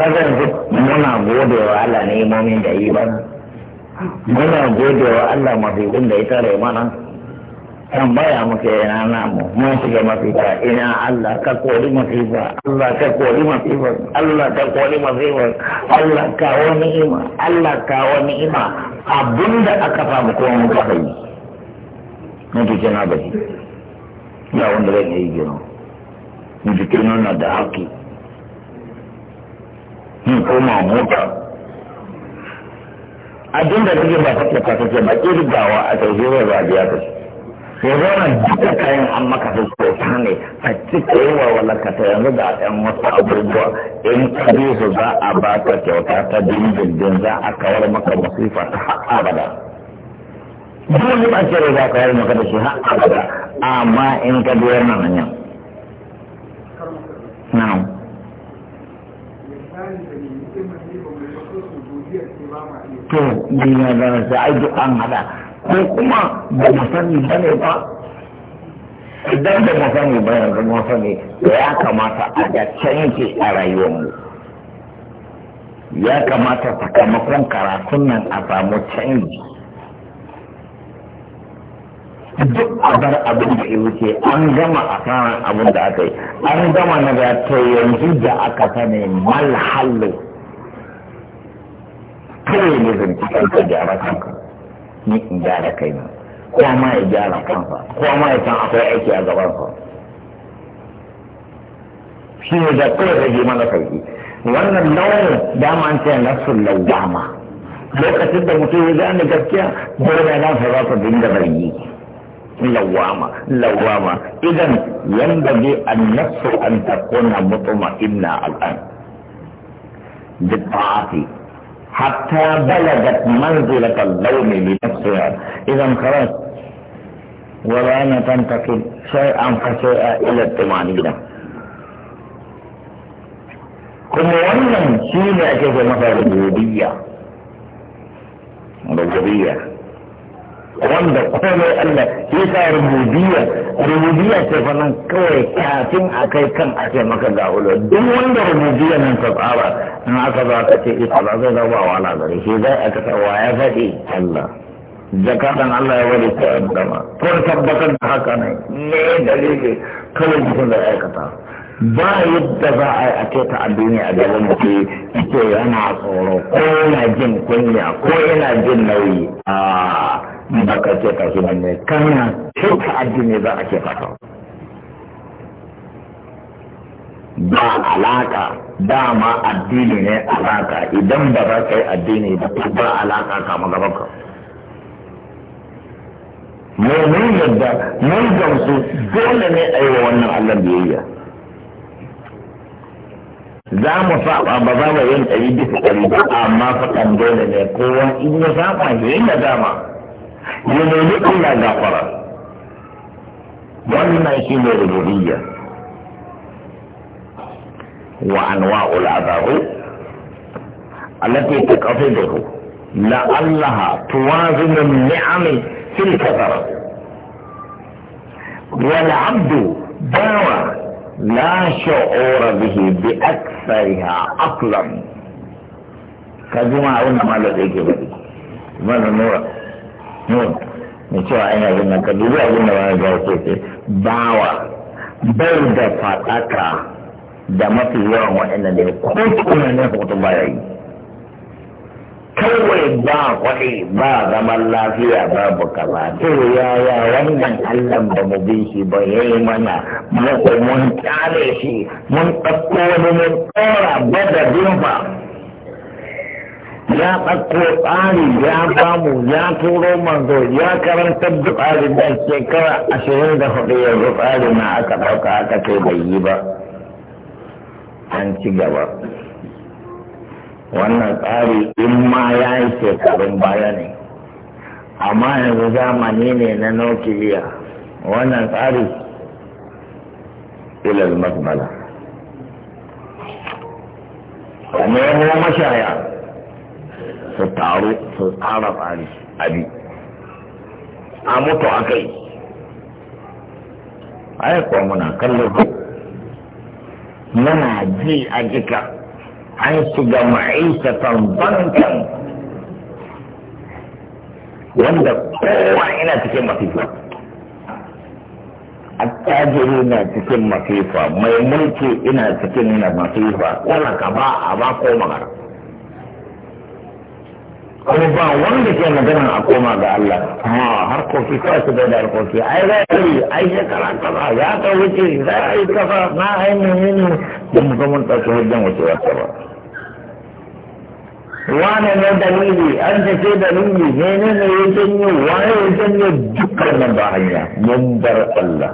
kaga yanzu muna gode wa Allah ne imomin da yi bana muna gode wa Allah mafiƙin da ya tare mana tambaya muke yana namu mun shiga mafita ina Allah ka kori masifa Allah ka kori masifa Allah ka kori masifa Allah ka wani ima Allah ka wani ima abinda aka samu kuma mun kafa yi mun tuce na bai ya wanda zai yi gino mun tuce nuna da haƙƙi in koma mota abin da kake ba kake ta kake ba wa a kai zai ba ta ka sai zama duka kayan an maka su kyauta ne a cika yi wa walaka ta yanzu da ɗan wasu abubuwa in ka bi su za a ba ka kyauta ta dindindin za a kawar maka masifa ta har abada dole ba ce za a kawar maka da shi har abada amma in ka biyar nan nan yau. Na'am. to dina da sai ai duk an hada ko kuma ba mu sani ba ne ba idan ba mu sani ba yanzu mu sani ya kamata a ga canji a rayuwarmu ya kamata sakamakon karatun nan a samu canji duk a bar abin da ya wuce an gama a kanan abin da aka yi an gama na ga ta yanzu da aka sani mal hallo kawai ne zan ci kanka gyara kanka ni in gyara kaina ko ma ya gyara kansa ko ma ya san akwai aiki a gabansa shi ne da kawai rage mana sauki wannan launin dama an ce nafsul lawama lokacin da mutum ya gane gaskiya dole na sa za ta dinga zargi lawama lawama idan yanda bi an nafsu an takuna mutuma inna al'an bi ta'ati حتى بلغت منزلة اللوم لنفسها إذا خلاص والآن تنتقل شيئا فشيئا إلى الطمأنينة kuma wannan shi كيف مثلا ce masa wanda komai Allah ya sa rububiyya rububiyya ce fa nan kawai kafin a kai kan a ce maka ga ulo duk wanda rububiyya nan ta tsara in aka za ka ce ita ba zai zama wala gare shi zai aka ta ya faɗi Allah jakadan Allah ya wani ta dama ko tabbatar da haka ne me dalili kawai mutum da aikata ba yadda za a yi a ce ta a duniya a gaban mutum ita yana tsoro ko yana jin kunya ko yana jin nauyi a ba ka ce ka shi ne kana kyauta addini za a ce ka kawo ba alaka dama addini ne alaka idan ba za ka addini ba ba alaka kama gaban ka mai mun yadda mun gamsu dole ne a yi wa wannan allon biyayya za mu saba ba za mu yin ɗari bisa ɗari ba amma fakan dole ne kowa in ya saba ya yi da dama ya nemi Allah gafara wannan shi ne rububiyya wa anwa'ul azabu allati taqfiduhu la'allaha tuwazinu ni'ami fil kathara wal 'abdu dawa la shu'ura bihi bi akthariha aqlan kajuma wannan malam yake bari wannan nura mai cewa an yanzu nan ka dubi abin da wani zai ce ce bawa bai da faɗaka da mafi yawan waɗanda ne ko tunanin ba ya yi kawai ba kwaɗi ba zaman lafiya babu kaza to yaya wannan allah ba mu bi shi ba ya yi mana mun kyale shi mun ɗauko wani mun ɗora ba da dimfa ya ɗauko tsari ya bamu ya turo manzo ya karantar da tsarin da shekara ashirin da hudu yanzu tsarin na aka ɗauka aka kai bai yi ba an ci gaba wannan tsari in ma ya yi shekarun baya ne amma yanzu zamani ne na nukiliya wannan tsari ilal masmala a nemo mashaya su taru su tsara tsari abi a mutu a kai ai kuwa muna kallon ku muna ji a jika an shiga ma'aikatan bankan wanda kowa ina cikin masifa attajiri na cikin masifa mai mulki ina cikin masifa wala ka ba a ba ko magana kuma ba wanda ke magana a koma ga Allah amma harkoki kawai su da harkoki ai za a yi ai shekara kaza ya ta wuce za a yi kafa na ai menene da mu zama ɗauki hujjan wuce wata ba wane ne dalili an ta ce dalili ne ne ne ya janyo waye ya janyo dukkan nan ba hanya mun bar Allah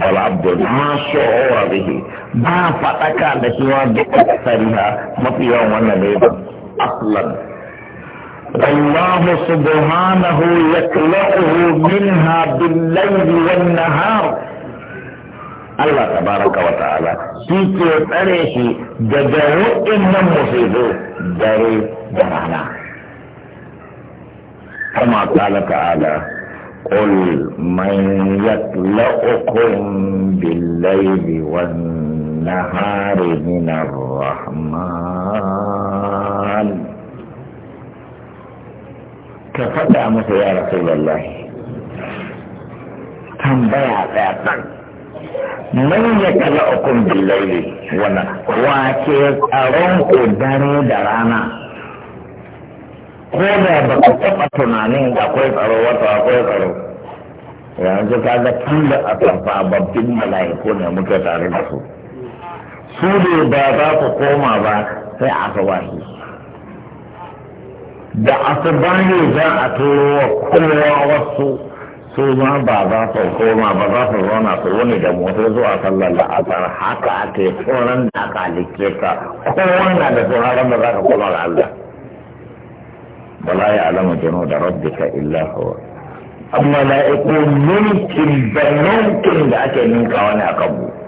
wal abdul ma shu'ura bihi ba faɗaka da cewa duk sariha mafi yawan wannan ne ba aslan الله سبحانه يخلقه منها بالليل والنهار الله تبارك وتعالى سيكي تريشي دجاو إن مصيبه داري درانا كما قال تعالى قل من يطلعكم بالليل والنهار النهار من الرحمن كفتا متى يا رسول الله تنبيع فاتن من يتبعكم بالليل وكيف أرونك داري درانا ko da ba ku taɓa tunanin akwai tsaro wata akwai tsaro yanzu kaga tun da a babbin mala'iku ne muke tare da su su ne ba za ku koma ba sai a wahi da asubahi za a turo wa kowa wasu su ma ba za su koma ba za su zauna su wani da motar zuwa sallar la'asar haka ake tsoron da aka halicce ka kowa na da tsoron da za ka koma ga Allah wala ya alama jano da rabbika illa huwa amma la'iku mulkin da da ake ninka wani a kabu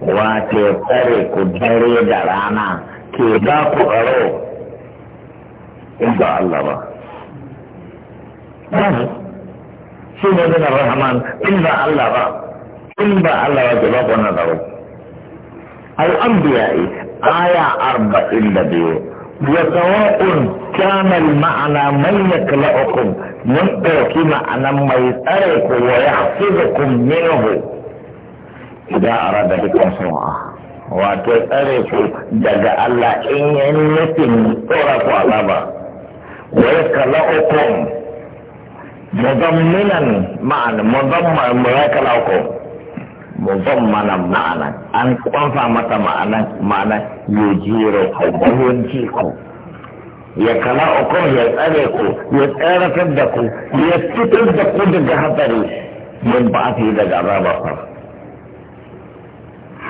wace tsare ku dare da rana ke ba ku tsaro in ba Allah ba. Shi ne zina Rahman in ba Allah ba, in ba Allah ba ke ba ku wannan tsaro. Al'ambiya'i aya arba'in da biyu وسواء كان المعنى من يكلأكم من معنى ما يسألكم ويحفظكم منه idan arada dukkan sana'a wato tsare ku daga Allah in yi nufin tsora ku azaba Wai kala ukum muzamminan ma'ana muzamman mu kala ukum muzammanan ma'ana an kwanfa mata ma'ana ma'ana ya jiro ku jiko ya kala uku ya tsare ku ya tsarafin da ku ya fitar da ku daga hatsari mun ba daga azaba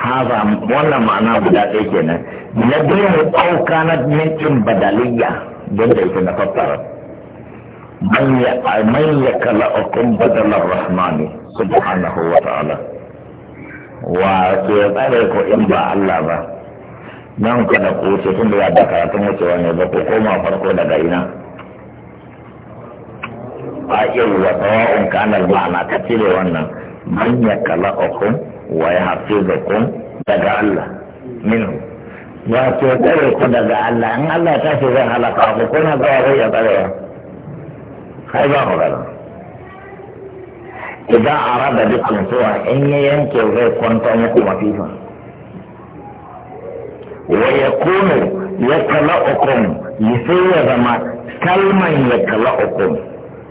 haza wannan ma'ana guda ɗaya kenan na biyu mu ɗauka na mintin badaliya don da ita na fassara man ya kala ukun badalar rahmani subhanahu wa ta'ala wa ke tsare ko in ba Allah ba nan ka da ko tun da ya da karatun wucewa ne ba ko koma farko daga ina a irin wa sawa'un kanar ma'ana ka cire wannan man ya kala ukun wa ya hafizakum daga Allah minhu ya ke tsare ku daga Allah in Allah ta ce zai halaka ku kuna zuwa zai ya tsare ya kai ba magana idan a rada dukkan suwa in ya yanke zai kwanta muku mafifa wa ya kunu ya kala ukun ya sai ya zama kalman ya kala ukun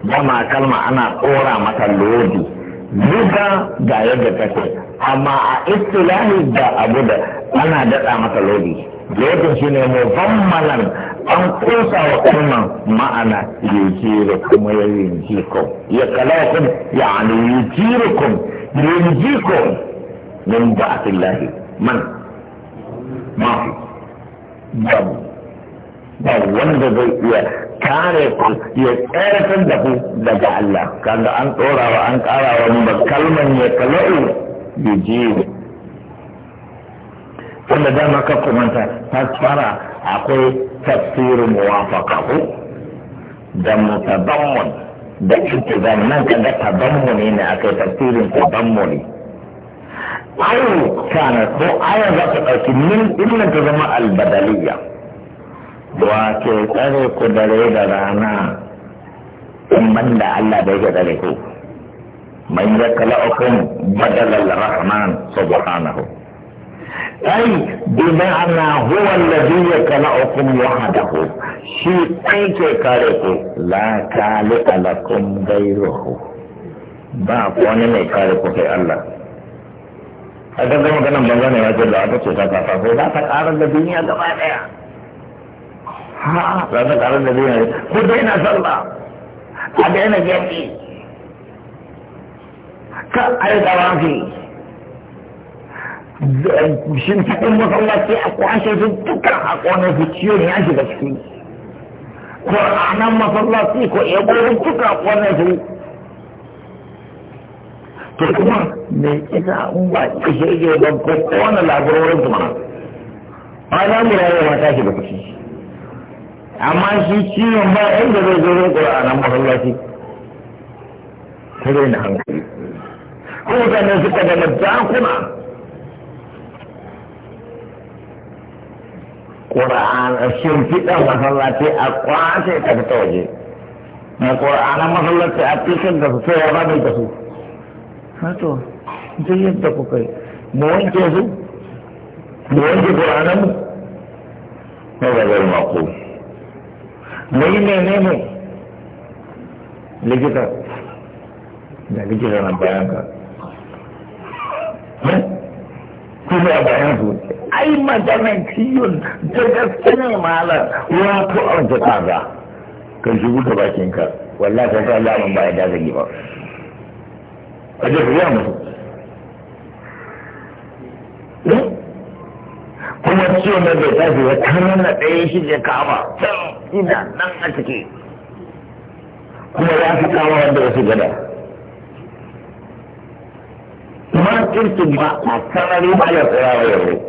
dama kalma ana tsora masa lodi buga ga yadda take amma a istilahi da abu da ana daɗa masa lodi lodin shi ne muzammalan an kusa wa kalman ma'ana yujiro kuma ya yujiko ya kalakun ya ani yujirikun yujiko min ba'atillahi man mafi babu ba wanda zai iya kare ku ya tsarkar da ku daga Allah kaga an tsorawa an karawa ba kalman ya kala'u ya je. wanda dama ka kumanta fasfara akwai tafsirin muwafaka ku da mutabammun da intizam nan kaga tabammuni ne akai tafsirin tabammuni ayu kana ko aya za ta ɗauki min illan ta zama albadaliya wa ke tsare ku dare da rana in da Allah da yake tsare ku man ukun badalal rahman subhanahu ai bima anna huwa alladhi ukun wahdahu shi kai ke kare ku la kale alakum gairuhu ba wani mai kare ku sai Allah a kan zama ganin banza ya ce da aka ce ta kafa ko za ta karar da duniya gaba daya ha za ta karar da zai ku daina sallah a daina jami'i ka a yi tsawafi shin cikin masallaci a kwashe su dukkan hakonin su ciwon ya shiga ciki ko ranar masallaci ko ya gurin duka hakonin su to kuma me isa in ba ishe ike ban ko kowane labarorin su mana ana mura yawa ta shiga ciki amma shi ciwon ba inda zai zo zai kura a nan masallaci ta zai na hankali ko mutane suka zama dakuna ƙura'an shimfiɗa masallaci a kwace ta fita waje na ƙura'anan masallaci a cikin da su sai ya ba da su hato zai yadda kuka kai, mu wanke su mu wanke ƙura'anan mu na zagar mako da yi menene likita da likita na bayan eh? kuma bayan su ai maganan kaza ka shigo bakin ka wallahi ba ya ba a ya kuma ciwo na bai tafi ya kama na ɗaya shi je kama can ina nan a ciki kuma ya fi kama wanda wasu gada ma kirkin ba a sanari ba ya tsaya wa yau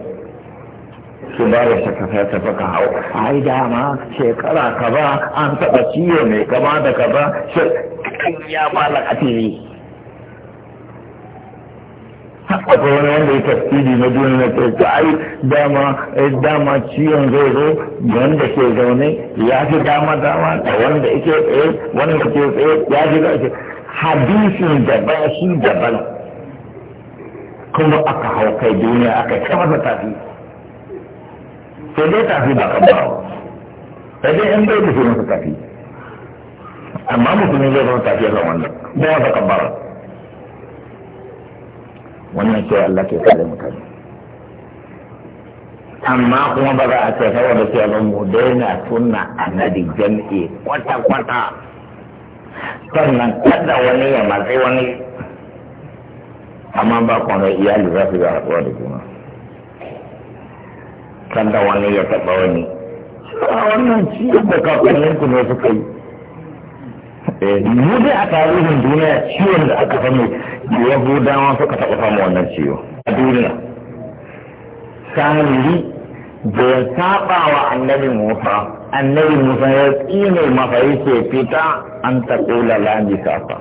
su ba da shaka sai ta faka hau ai dama shekara ka ba an taɓa ciwo mai kama da ka ba shi ya malaka tv akwai wani wanda ya tafsiri na duniya na ce ta ai dama eh, dama ciwon zai zo wanda ke zaune ya fi dama dama da wanda ke tsaye wanda ke tsaye ya fi gashi hadisin daban shi daban kuma aka hau kai duniya aka ce masa tafi sai dai tafi ba kan bawo sai dai in bai da shi masa tafi amma mutumin zai zama tafi ya zama wannan ba wata kan wannan ce Allah ke kare mutane amma kuma ba za a ce saboda ce ba mu daina sunna annabi jam'i kwata-kwata sannan kada wani ya matsi wani amma ba kwanar iyali za su ga haɗuwa da juna kada wani ya taɓa wani a wannan ciwon da kakannin ku ne suka yi eh, mu dai a tarihin duniya ciwon da aka sani yahudawa suka taɓa samun wannan ciwo a duniya sahiri da ya saba wa annabi musa annabi musa ya tsine masa yake fita an taɓo ƙula kafa.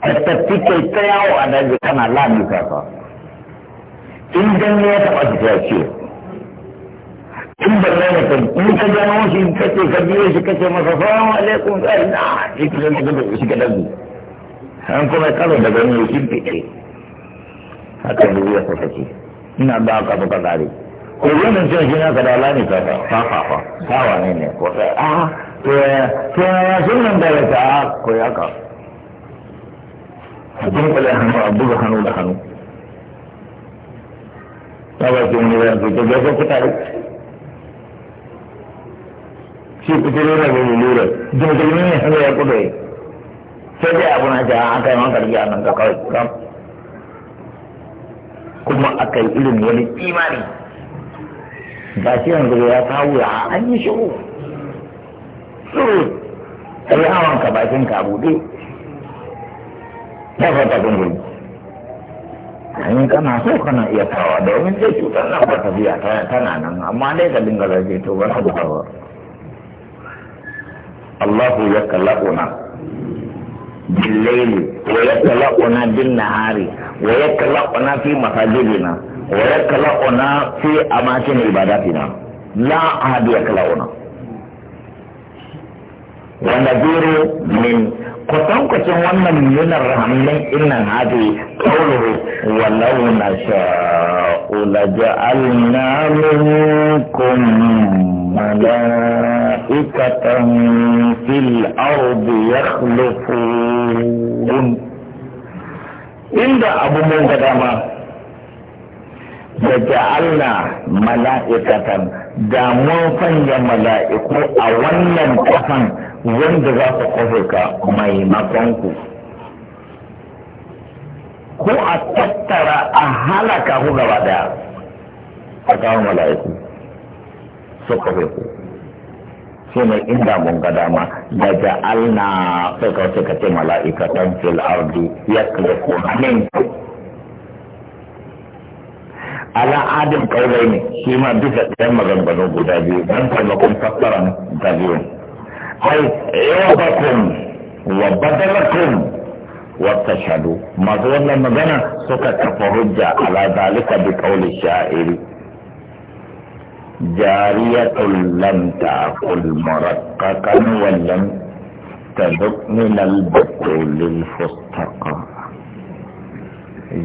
safa ka tafi kai ta yawo a daji kana lami safa in ne ya taɓa su ta ciwo in ba ne taɓa in ka gano shi kace ka biyo shi kace masa salamu alaikum sai na shi ka da shi ka dabi an kuma karo da gani ya shimfiɗe haka ne ya saka ce ina ba ka saka tsari ko wannan cewa shi naka da lani ka ta fafafa sawa ne ne ko a to ya to ya sun nan da ta a ko ya ka a dunkule hannu a buga hannu da hannu ta ba ce wani bayan kuka ga kuka tare shi kuka lura da lura jirgin ne hannu ya kuka yi sai dai abu na ce an kai man karbi a nan ka kawai kam kuma aka yi irin wani imani ba shi yanzu ya kawo ya an yi shiru shiru sai hawan ka bakin ka buɗe ta fata gungulu in kana so kana iya tawa domin zai cutar nan ba tafiya tana nan amma dai ka dinga zai to ba ka ba Allah ya kallakuna بالليل ويتلقنا بالنهار ويتلقنا في مساجدنا ويتلقنا في أماكن عباداتنا لا أحد يتلقنا wa nadiru min kwatankwacin wannan mummunan rahamin innan hadi kauluhu walau na sha'u la ja'alna minkum mala'ikatan fil ardi yakhlufun inda abu mun ga dama da ja'alna mala'ikatan da mun sanya mala'iku a wannan kafan wanda za su mai makonku ko a tattara a halaka ku gaba daya a kawo mala'iku su ku. shi ne inda mun ga dama da ja'alna sai ka ce ka ce mala'ikatan fil ardi yaklifu min ala adam kaurai ne shi ma duka ɗayan maganganu guda biyu don taimakon fassara da biyu ai yawbakum wa badalakum wa tashhadu masu wannan magana suka kafa hujja ala zalika bi qawli sha'iri jariyatul lam ta'kul muraqqaqan wa lam taduk min al-buqul al-fustaqa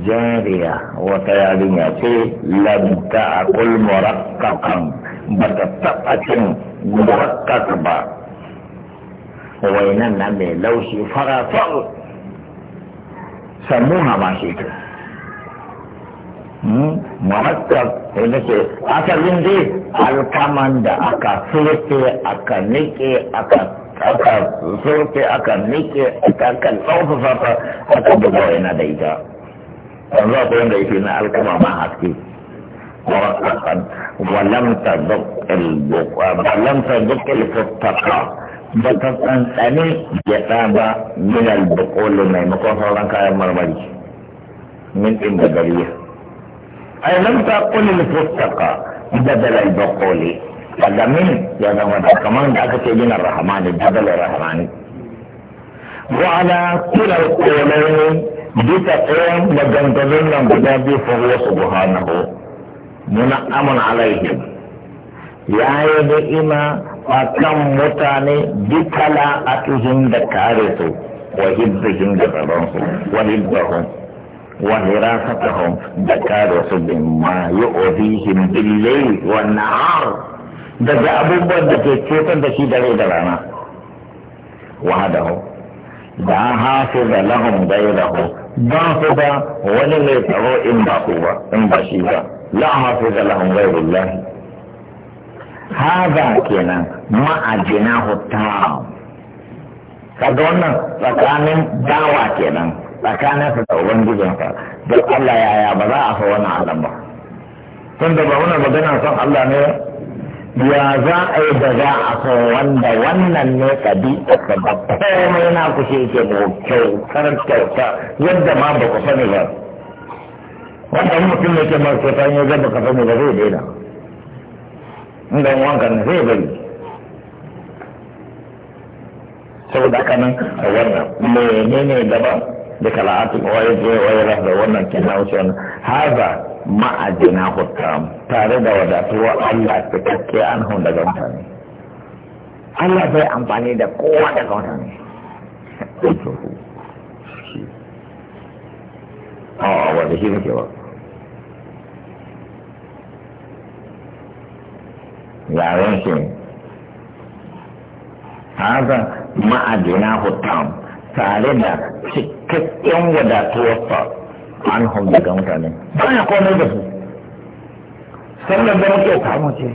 jariya wata yarinya ce labta a kulmurakkakon ba ta taɓa cin murakkak ba wainan nan mai laushi fara faru hama shi ta hmm? muhakkab ita ce asalin dai alkaman da aka surfe aka nike aka aka surfe aka nike aka kan tsofaffa ta aka buga yana da ita yanzu akwai wanda yake na alkama ma haske murakkakan walam taduk al-buqa walam taduk ba ta tsantsane gyaɗa ba min albaƙolo mai sauran kayan marmari min ɗin da gariya ai lam ta kulli fustaka badal albaqoli daga min ya zama da kamar da aka ce gina rahamani badal rahamani wa ala kulal qulaini bisa tsayin maganganun nan guda biyu fa huwa subhanahu muna amana alaihim ya yi ina. Akan mutane bikala a tuhin da kare su wa da tsaronsu su hibbahum wa hirasatahum da kare su bin ma yu'dihim billayl wa nahar daga abubuwan da ke cutar da shi dare da rana wahadahu da hafi da lahum gairahu ba su da wani mai tsaro in ba su ba in ba shi ba la da lahum gairullahi haza kenan ma'ajina hutam kaga wannan tsakanin dawa kenan tsakanin sa da ubangijinsa da Allah yaya ba za a fa wani alam ba tun da ba gana magana son Allah ne ya za a yi da za a fa wanda wannan ne ɗabi'arsa ba komai na kushe shi yake mu kar kyauta yadda ma ba ku sani ba wanda mutum yake masu kyauta ne zai ba ka sani ba zai daina in wọn kan ne zai bari sabu daka na a wannan menene daban da kala'atu la je wɔn na wannan na wuce wannan haza ma ko tam tare da wadatuwa Allah cikakke an hun daga tani. Allah bai amfani da kowa daga mutane a wanda shi muke ba yaren shi haza ma'adina hutam tare da cikakken wadatuwarsa an hau ga mutane ba ya komai da su sannan da muke samu ce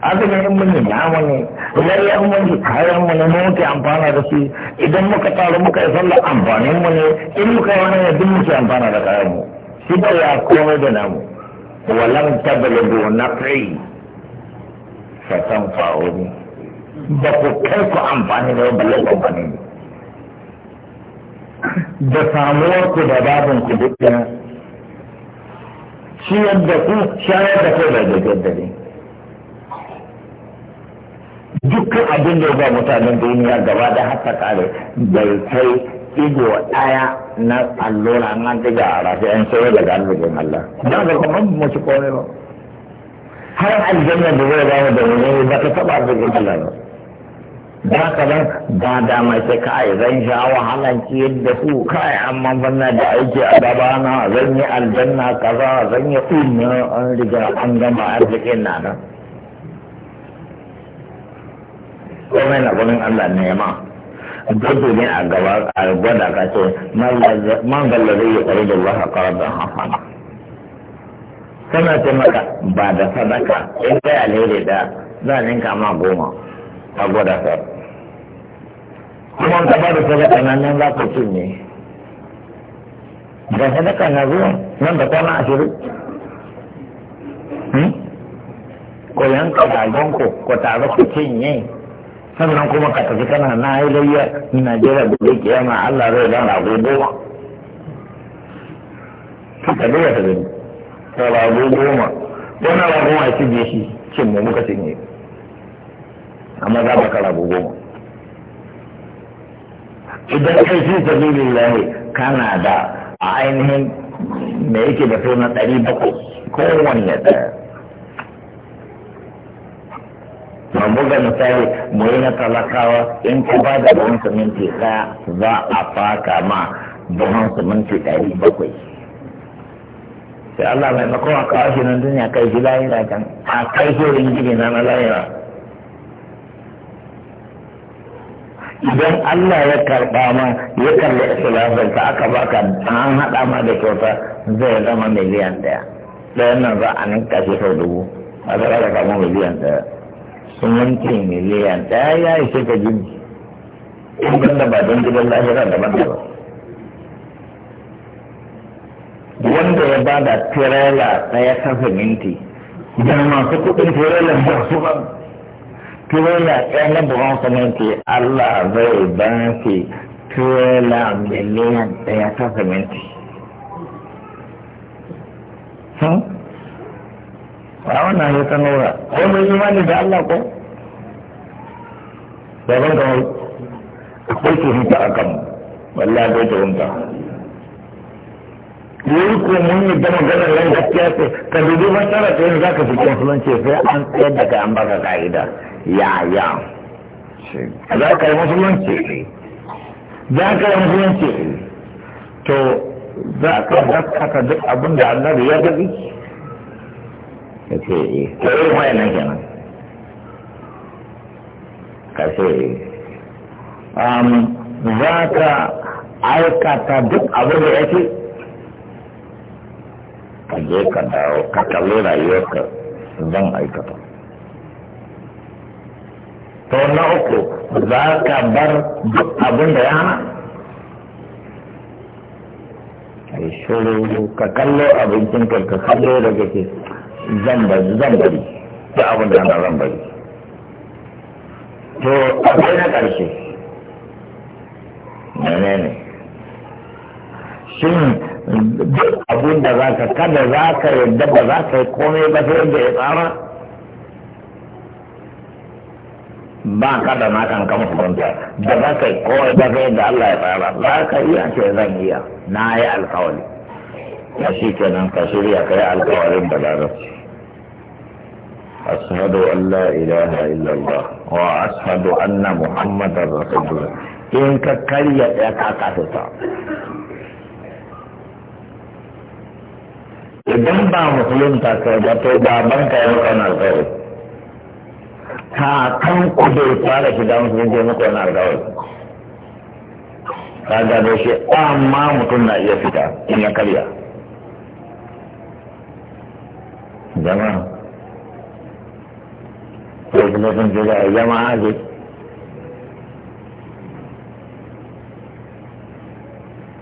azumin mun yi namu ne rayuwar mun yi kayan mu ne muke amfana da shi idan muka taru muka yi sallar amfanin mu ne in muka yi wani yadda muke amfana da kayan mu shi ba ya komai da namu tabbalin tabalu na kai ka san fa'o'i ba ku kai ku amfani da balle amfani ne da samuwar ku da babin ku duk da ciyar da ku shayar da kai da gajiyar dare dukkan abin da ba mutanen duniya gaba da hatta kare bai kai ido ɗaya na allura na diga rafi'an sai an shayar daga arzikin Allah. Don ga kuma mu ci kome ba. har aljanna da zai zama da wani ba ka taba arzikin Allah ba da ka nan ba da mai sai kai zan sha wahalan ciyar yadda ku kai amma banna da aiki a gabana zan yi aljanna kaza zan yi kunna an riga an gama arzikin na nan komai na gurin Allah ne ma gudu ne a gaba a gwada ka ce man zalla zai yi tsari da Allah a karar da hafana tana ce maka ba da sadaka in kai alheri da za a ninka ma goma a gwada sa. kuma ta ba da sadaka na nan za ka ne. da sadaka na zuwa nan da kwana ashirin hmm? ko yanka dagonku ko tare ku cinye sannan kuma ka tafi kana na yi layya Najeriya da gobe kiyama Allah zai dan rago goma ka duba ta gani da goma wannan rago a ci shi cin mu muka cinye amma za ba rago goma idan kai zuri sabilillahi kana da a ainihin me yake da suna ɗari bakwai ya ɗaya mu ga misali mu yi na talakawa in ka ba da buhun siminti ɗaya za a faka ma buhun siminti ɗari bakwai sai Allah mai makon a kawo shi nan duniya kai shi lahira kan a kai shi wurin gini na na lahira idan Allah ya karɓa ma ya karɓi islafin ta aka baka an haɗa ma da kyauta zai zama miliyan ɗaya ɗayan nan za a nan kashe sau dubu a zara da kama miliyan ɗaya sun wanke miliyan ɗaya ya yi shi ka jini in ban da ba don gidan lahira daban-daban wanda ya ba da tirela daya ta siminti da masu kudin tirela da su ba tirela ɗaya na buhon siminti Allah zai ba ki tirela miliyan daya ta siminti. Hmm? a wannan ya ta nura ko mai imani da Allah ko da ban da akwai tuhunta a kanmu wallahi akwai tuhunta yayi ko mun yi da magana nan gaskiya ce ka dubi masara ta yanzu zaka fice musulunci sai an tsayar da kai an baka ka'ida ya ya za ka yi musulunci za ka yi musulunci to za ka gaskata duk abin da annabi ya gabi ka ce eh to irin eh, wayannan kenan ka ce eh za ka aikata duk abin da ya ce ka je ka dawo ka kalli rayuwarka zan aikata to na uku za ka bar duk abin da ya hana kai shuru ka kallo abincin ka ka kallo da kake zan bari zan bari da abin da yana zan bari to akwai na ƙarshe menene shin duk abin da za ka kada za ka yadda ba za ka yi komai ba sai yadda ya tsara ba kada na kan kama furunta da za ka yi komai ba sai yadda Allah ya tsara za ka iya ce zan iya na yi alkawali ya shi nan ka shirya ka yi alkawarin da larabci أشهد أن لا إله إلا الله وأشهد أن محمدا رسول الله إن ككريت يا كاكا idan ba musulunta kai ba to baban ka yau kana alƙawari ka kan ku bai fara shiga musulunci ya muku wani alƙawari ka gado shi amma mutum na iya fita in ya karya jama'a ko kuma sun ce jama'a ce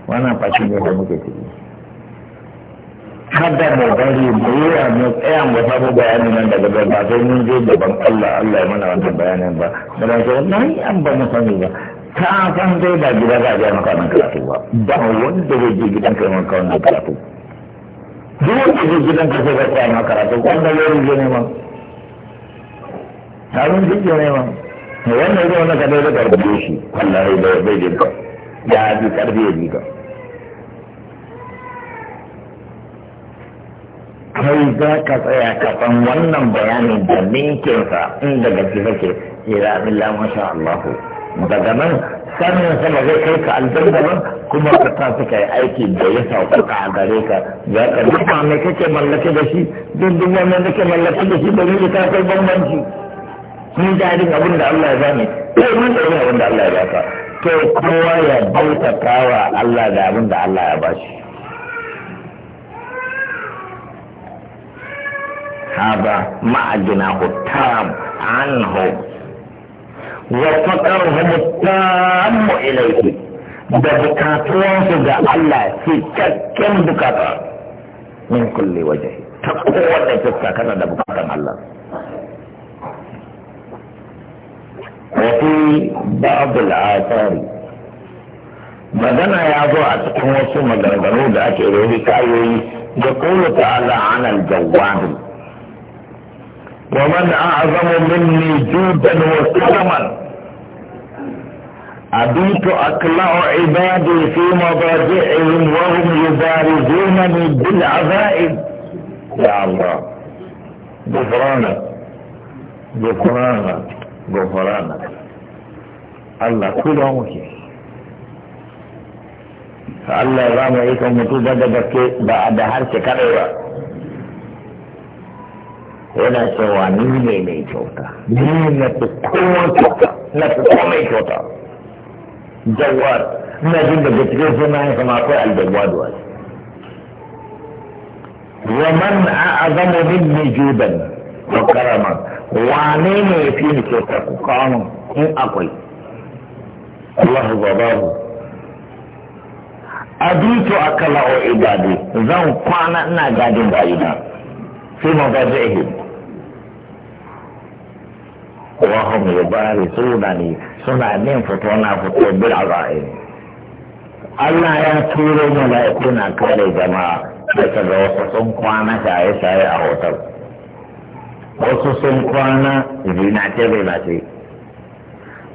wannan fashi ne da muke ciki kada mu bari mu yi mu tsaya mu samu bayanin nan daga bai ba sai mun je daban Allah Allah ya mana wannan bayanin ba muna so nan an ba mu sani ba ta san dai ba gida za a je maka wannan karatu ba ba wanda zai je gidan kai maka wannan karatu duk wanda zai gidan ka sai ka tsaya maka karatu wanda ya rige ne ma tarin jirgin ne ma wannan zai wani kadai da karbe shi wallahi bai jinka ya bi karbe ya bi ka kai za ka tsaya ka san wannan bayanin da ninkinsa in da gaske kake ila illa masha Allah daga nan sanin sama zai kai ka aljanna nan kuma ka tafi yi aiki da ya sauka a gare ka za ka duka me kake mallake da shi don duk wannan da ke mallake da shi domin ka kai bambanci mun daɗin abin da Allah ya bani kai mun daɗin abin da Allah ya baka to kowa ya bauta wa Allah da abin da Allah ya bashi هذا مع جناه التام عنه وفقرهم التام إليه بذكاتهم بكاتوان الله في كم بكاتا من كل وجه تقوى تفكا كذا ده الله وفي بعض الآثار magana ya zo a cikin wasu maganganu da ake rori kayoyi da ومن أعظم مني جودا وكرما أبيت أقلع عبادي في مضاجعهم وهم يبارزونني بالعذائب يا الله غفرانك غفرانك غفرانك الله كل عمرك Allah ya zama yi kan mutu daga yana cewa ni ne mai kyauta ni na fi kowa kyauta na fi kowa mai kyauta jawar na jin daga cikin suna yi kama akwai aljawa da a ومن أعظم judan da karama wane ne ya fi ni kyauta ku kawo in akwai Allahu babahu abitu akala o ibadi zan kwana ina gadin bayina في مضاجعهم وهم يبارزونني سنة من فتونا فتو بالعظائم Allah ya turo mala'iku na kare jama'a daga ga wasu sun kwana shaye-shaye a hotel wasu sun kwana zinace-zinace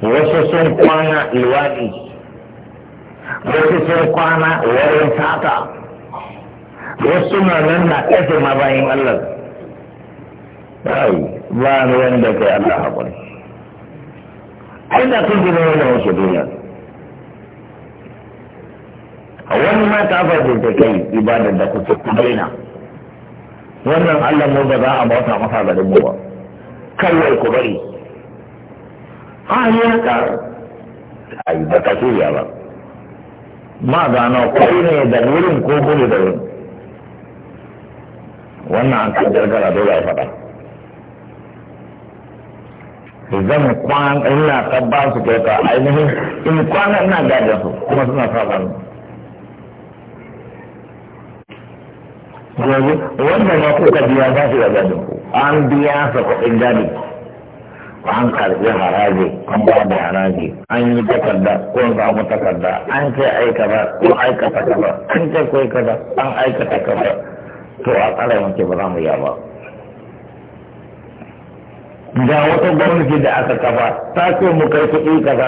wasu sun kwana liwaɗi wasu sun kwana wurin wasu na nan na ƙasa mabayin Allah ai ba ni wanda kai Allah haƙuri aina kun jira wani wasu duniya awan wani ma ta faɗi da kai ibadar da kuke ku daina wannan Allah mu ba za a bauta masa da mu ba Kallai ku bari a ya ka ai ba ka ya ba ma gano kai ne da wurin ko gudu da wurin wannan an kan gargara dole ya faɗa zan kwan ina ta ba su kyauta ainihin in kwana ina da su kuma suna saba ne. yanzu wanda ma kuka biya za su da ku an biya sa kuɗin gadi an karɓi haraji an ba da haraji an yi takarda ko an samu takarda an ce aikata ko aikata kaza an ce ko aikata an aikata kaza to a tsara yanke ba za mu yaba. ba ga wata gwamnati da aka kafa ta ce mu kai kuɗi kaza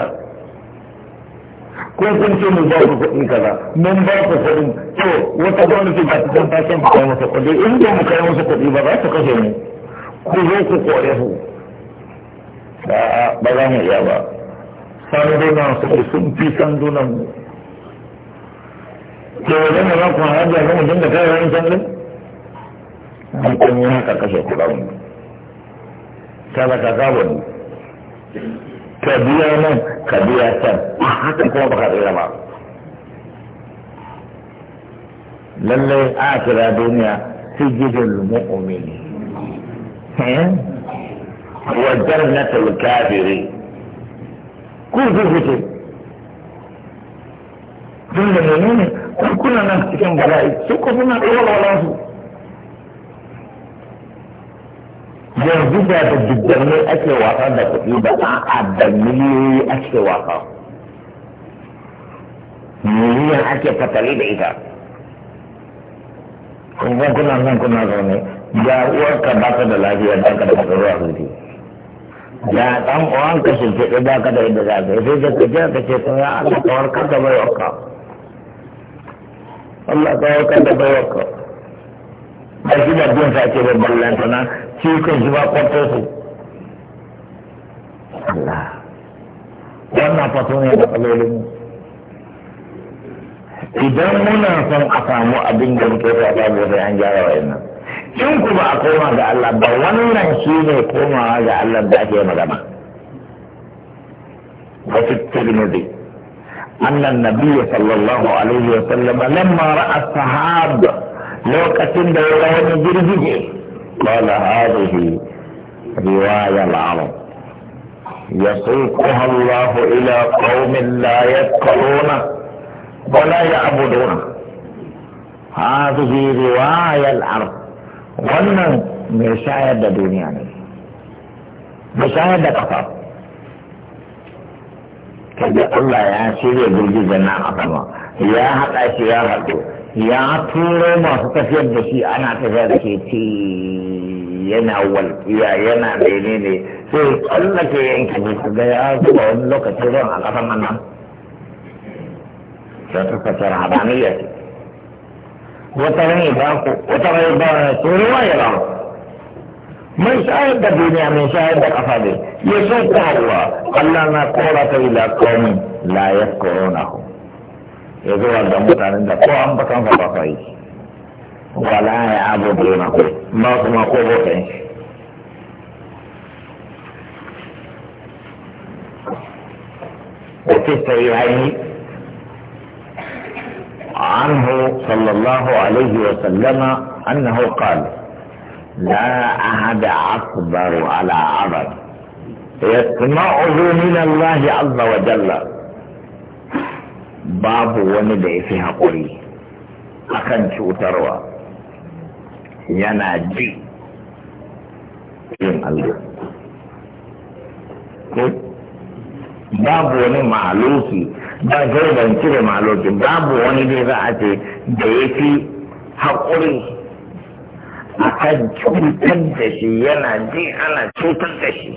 ko kun ce mu ba ku kuɗi kaza mun ba ku kuɗi to wata gwamnati ba ta ta ce mu kai musu kuɗi in ba mu kai musu kuɗi ba za su kashe mu ku zo ku kore su a'a ba za mu iya ba sandunan su sun fi sandunan mu ke wajen da za ku hana da mu dinga kai wani sandun an kuma yi haka kashe kuɗa mu talaka za ka biya nan ka biya can a haka kuma baka tsira ba lallai a kira duniya sijidul mu'mini eh? wa jannatul kafiri kurkuku ce tun da menene kurkuna nan cikin bala'i su kuma na ɗaya walwalansu yanzu da da dubbanni ake wasa da kuɗi da a'a da miliyoyi ake wasa miliyan ake fatali da ita kuma kuna nan kuna zaune ga uwarka ba ka da lafiya ba ka da matsalar hutu da ɗan uwanka shi ke ba ka da yadda za ka yi sai da kaje ka ce kun ya Allah ka warkar da Allah ka warkar da baiwarka ba shi da bin sa ke babban lantana shi kan shi ba kwantar su Allah wannan fato ne matsalolin idan muna son a samu abin da muke fata da an gyara wa yannan in kuma a koma ga Allah ba wannan shi ne komawa ga Allah da ake magana wasu tirmidhi أن النبي صلى الله عليه وسلم لما رأى الصحابة لو كتن دولة جرجيه قال هذه رواية العرب يسوقها الله إلى قوم لا يذكرون ولا يعبدون هذه رواية العرب ولا مشاهدة دنيا مشاهدة كفر يقول قلنا يا سيدي قلت جنا عطما يا حتى سيارته يا طول ما فكفيت بشي أنا تفادكي تي yana walƙiya yana menene sai ke yanke ne ka ga ya zuba wani lokacin ran a ƙasan nan nan sai ta fasar habaniyya ce wata ran ya ba ku wata ran ya ba ku ruwa ya ba mai shayar da duniya mai shayar da kafa ne ya so kawowa Allah na kora ta ila qaumin la yaquruna ya zo ga mutanen da ko an bakan fa ba fa yi ولا يعبدونه ما كما قوته وفي الصحيحين عنه صلى الله عليه وسلم أنه قال لا أحد أكبر على عبد يسمعه من الله عز وجل باب وندعي فيها قري أكن تروى yana ji yin Allah babu wani maloki ba zai ban cire maloki babu wani dai za a ce da ya fi haƙuri a kan cutar da shi yana ji ana cutar da shi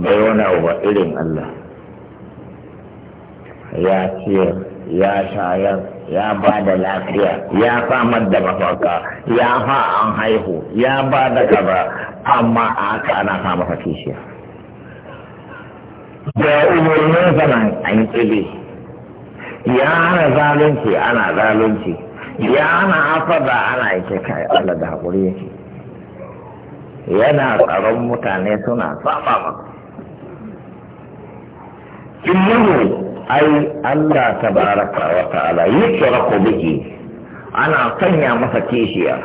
bai wani abu irin Allah ya ciyar ya shayar ya ba da lafiya ya samar da mafaka ya fa an haihu ya ba da kaza amma a haka ana sa masa kishiya da umarnin sanan an ƙibe ya hana zalunci ana zalunci ya hana afada ana yake kai Allah da haƙuri yake yana tsaron mutane suna saba maka. ai Allah tabaraka wa ta'ala yutraku bihi ana sanya masa kishiya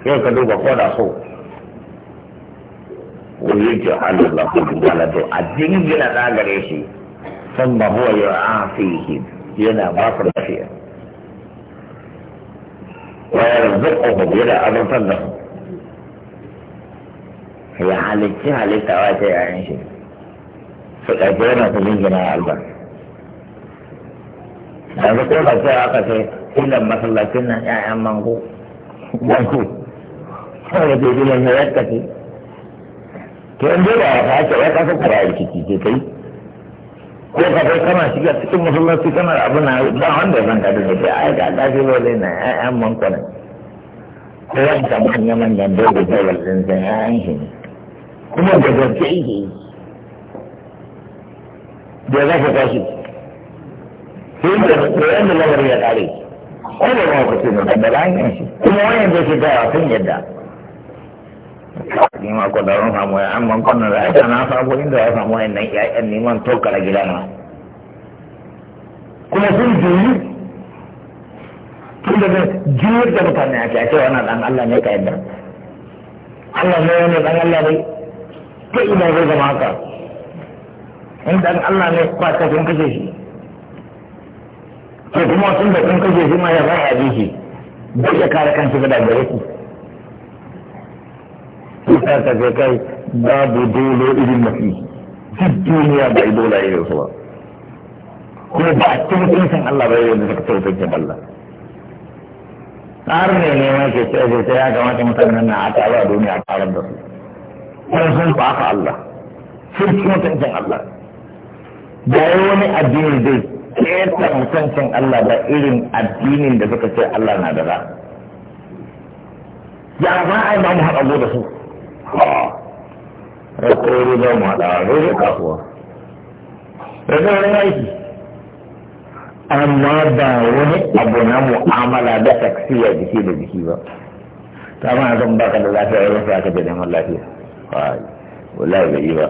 sai ka duba ko da so wa yaj'alu lahu waladu a jingina da gare shi sannan huwa yu'afihi yana ba ku lafiya wa yarzuquhu don san da ya halicci halitta wa ta yayin shi su ɗauke yana su jingina albarka yanzu ko ba sai aka ce illan masallacin nan ya'yan mango mango kawai da gina ne yadda ce to in dai da ya kace ya kasa kura ciki ke kai ko ka kai kana shiga cikin masallaci kana abu na ba wanda zan ka da ke ai ga dafi zai na ya'yan mango ne ko manya manyan dole da walin zan ƴaƴan shi kuma da ce yake da za ka sai da sai an da ya kare ko da ma ku ce mun da bayan shi kuma wayan da ke da sun yadda ni ma ko da ran samu ya amma kun da aka na samu inda ya samu wayan nan ƴaƴan neman tokara gidana kuma sun juyi tun daga juyar da mutane a ce wannan dan Allah ne ka yadda Allah ne wani dan Allah bai ta ina zai zama haka in dan Allah ne ba ka ko kuma sun da kun kaje shi ma ya fara ji shi bai ya kare kansa da gare ku kusa ta ga kai babu dole irin mafi duk duniya bai ido la su ba kuma ba a cikin kinsan Allah bai yadda suka tausayin Allah har ne ne ma ke ce ce ya kamata mutanen na a ba duniya a tarar da su kuma sun fa Allah sun ci mutuncin Allah da yi wani addini dai keta hukuncin Allah ba irin addinin da suka ce Allah na da za ya ba a yi ba mu haɗa da su rakkori za mu haɗa rere kasuwa rere aiki amma ba wani abu na mu'amala da taksiya jiki da jiki ba ta ma zan baka da lafiya yau sai aka jada mun lafiya wallahi bai yi ba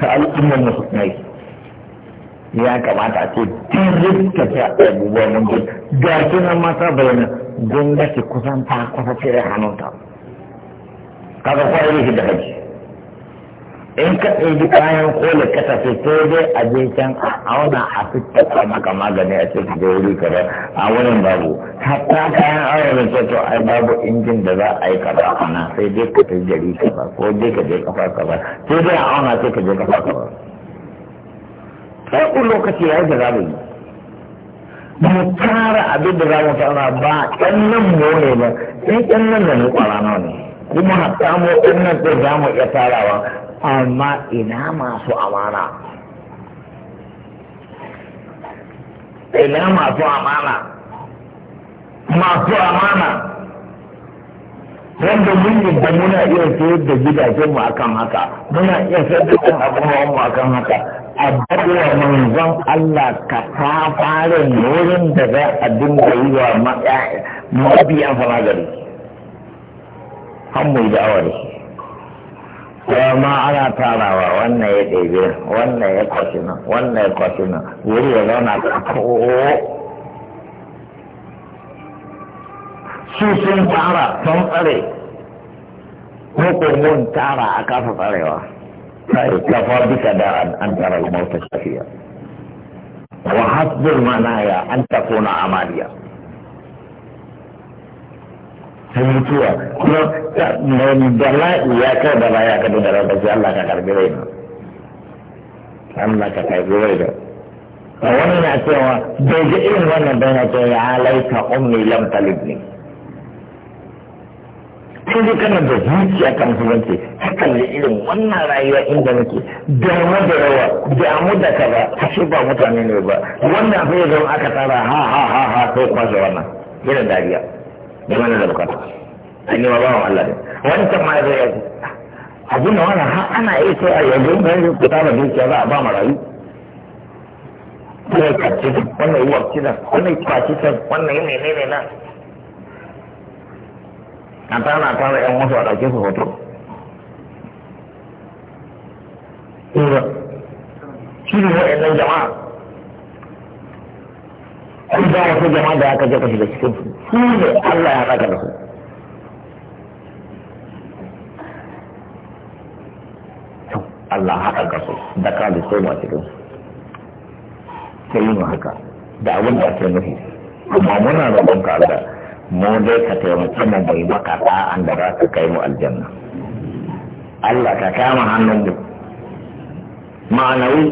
ta al'ummar musulmai ya kamata a ce tun rikta ta abubuwa mun ji ga sunan mata bayanan gwamnati kusan ta kusa cire hannunta kaga kwarai yake da haji in ka ɗauki kayan kola ka tafi sai dai a je can a auna a a maka magani a cikin da wuri kada a wurin babu hatta kayan aure da to a babu injin da za a yi kaza nan sai dai ka tafi jari kaza ko dai ka je kafa kaza sai dai a auna sai ka je kafa kaza sai ku lokaci ya yi da mu tara abin da zamu tara ba ɗan nan mu ne ba sai ɗan nan da mu kwara na ne kuma hatta mu ɗan nan da zamu iya tarawa amma ina masu amana ina masu amana masu amana wanda mun yadda muna iya sayar da gidajenmu akan haka muna iya sayar da a bawa manzon Allah ka fafarin wurin da za a dinga yi wa mabiyan fama gari hannu da awa da shi ma ana tarawa wannan ya ɗebe wannan ya kwashi nan wannan ya kwashi nan wuri ya zauna ko su sun tara sun tsare ko mun tara a kafa tsarewa فكفى بك داعا ان ترى الموت شفيا وحسب المنايا ان تكون عماليا فهمتوا من دلاء ياك دلاء ياك دلاء بس الله كاربيرين الله كاربيرين فوانا نعتوا بجئين وانا بنا جاي عليك امي لم تلبني sai dai kana da zuciya kan musulunci hakan da irin wannan rayuwa inda nake damu da yawa damu da kaza ashe ba mutane ne ba wannan sai zama aka tsara ha ha ha ha sai kwashe wannan yana dariya da mana da bukata an ba wa Allah ne wancan ma zai yanzu abin da wannan har ana iya sai a yanzu ga yanzu ku tsara zuciya za a ba marayu wannan yi wakilan, wannan yi kwace wannan yi menene na, an tana tara yan wasu a ɗauke su hoto shi ne wa'annan jama'a kun ba wasu jama'a da aka je shi da cikin su su ne Allah ya saka da su Allah haka ka su da ka da sai masu su sai yin haka da abin da ake nufi amma muna roƙon ka Allah mu dai ka taimake mu bai maka ɗa'an da za ka kai mu aljanna Allah ka kama hannun mu ma'anawi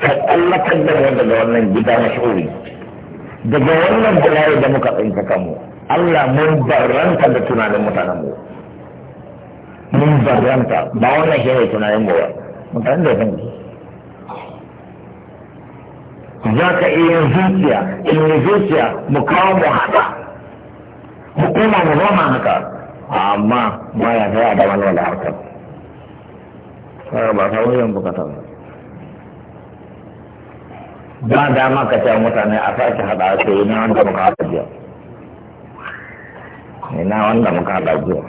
ka tsallakar da mu daga wannan gida na shuri daga wannan bala'i da muka tsinka kanmu Allah mun baranta da tunanin mutanen mu mun baranta. ba wannan shi ne tunanin mu ba mutanen da zan za ka iya zuciya in zuciya mu kawo mu haɗa hukuma mu zama haka amma ba ya tsaya da wani wani harkar ba ta wuyan bukata ba ba dama ka ce mutane a sake ake yi ina wanda muka haɗa jiya ina wanda muka haɗa jiya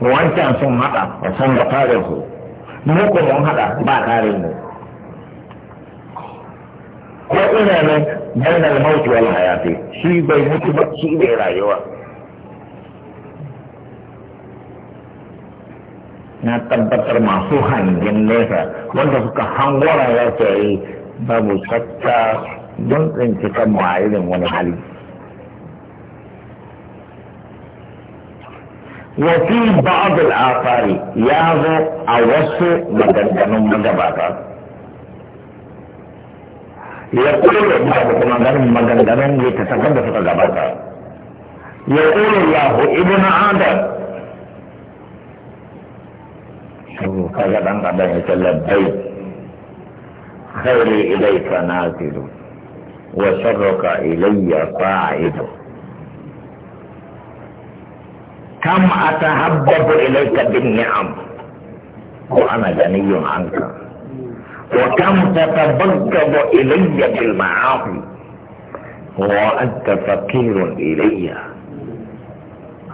wancan sun haɗa a san da tare su mu ko mun haɗa ba tare mu ko ina ne bain al-maut wal hayati shi bai mutu ba shi bai rayuwa na tabbatar masu hangen nesa wanda suka hangwara ya ce yi babu shakka don tsinci kan mu a wasu wani hali وفي بعض الآثار يازو أوسو مدندن يقول الله ابن آدم شو كذا دم قبل يتلى خيري إليك نازل وشرك إلي قاعد كم أتحبب إليك بالنعم وأنا غني عنك وكم تتبكض إلي بالمعاصي وأنت فقير إلي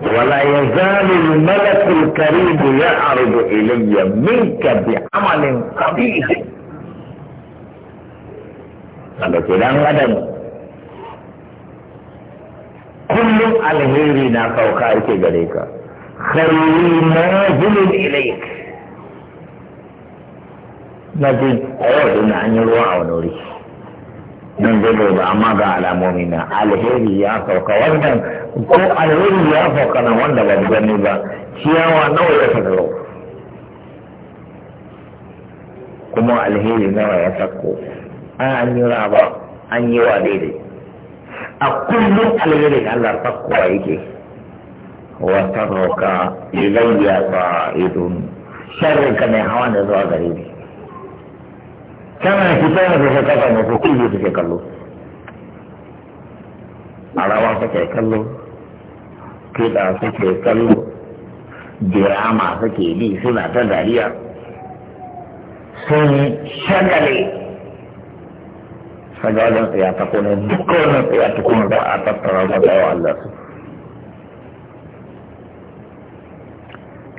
ولا يزال الملك الكريم يعرض إلي منك بعمل قبيح Kalau sedang adam كل alheri na sauka yake gare ka. Khairi mazulun na ji a yau din an yi ruwa a wani wuri nan zai gobe amma ga alamomi na alheri ya sauka wannan ko alheri ya sauka na wanda ba mu gani ba ciyawa nawa ya sauka kuma alheri nawa ya sauko an yi raba an yi wa daidai a kullum alherin Allah sakkowa yake wa sarraka ilayya sa'idun sharrinka mai hawa da zuwa gare ni kana fita na kusa kasa ne ko kulle suke kallo a rawa suke kallo kiɗa suke kallo dirama suke bi suna ta dariya sun shagale shagalin tsaya ta kone duk wani tsaya ta kone za a tattara da yawa Allah su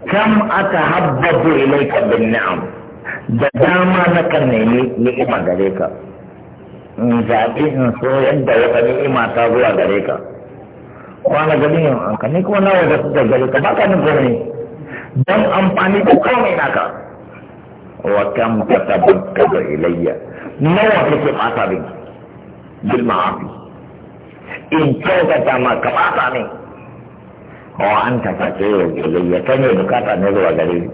kam aka habbatu ilaika bin ni'am da dama na kan nemi ni'ima gare ka in zaɓi in so yadda wata ni'ima ta zuwa gare ka kwana gani yin an ka ni kuma na wajen su da gare ka baka ni gome don amfani ko kawai naka wa kam ka tabbata da ilayya nawa kake ɓata min bil ma'afi in kyautata ma ka ɓata min wa an ta ta ce ilayya ta ne bukata ne zuwa gare ni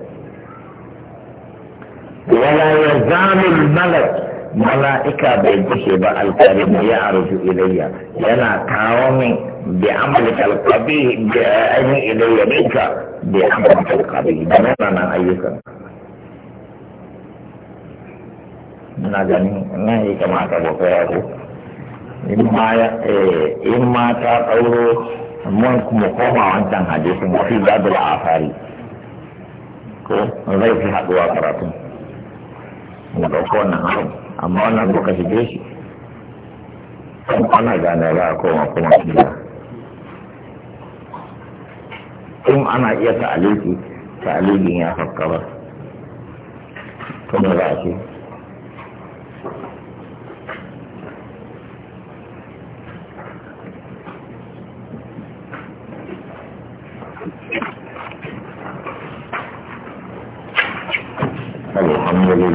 ولا يزال الملك ملائكة بيتشب الكريم يعرج إلي لنا تعاوني بعملك القبيح بأني إلي منك بعملك القبيح بمعنى أيك na gani nan ya kamata ba fa yaro in ma ya in ma ta tsauro mun kuma koma wancan hadisin fi zadul afari ko zai fi haduwa karatun na ɗauka wannan harin amma wannan muka shige shi ana gane za a koma kuma kila in ana iya ta'aliki ta'alikin ya fakka ba to za a ce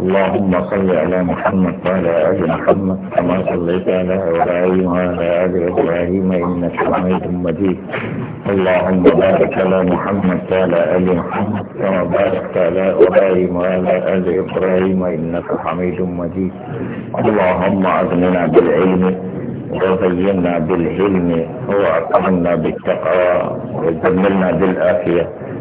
اللهم صل على محمد وعلى آل محمد كما صليت على إبراهيم وعلى آل إبراهيم إنك حميد مجيد اللهم بارك على محمد وعلى آل محمد كما باركت على إبراهيم وعلى آل إبراهيم إنك حميد مجيد اللهم أغننا بالعلم وزينا بالحلم وأكرمنا بالتقوى وجملنا بالآفية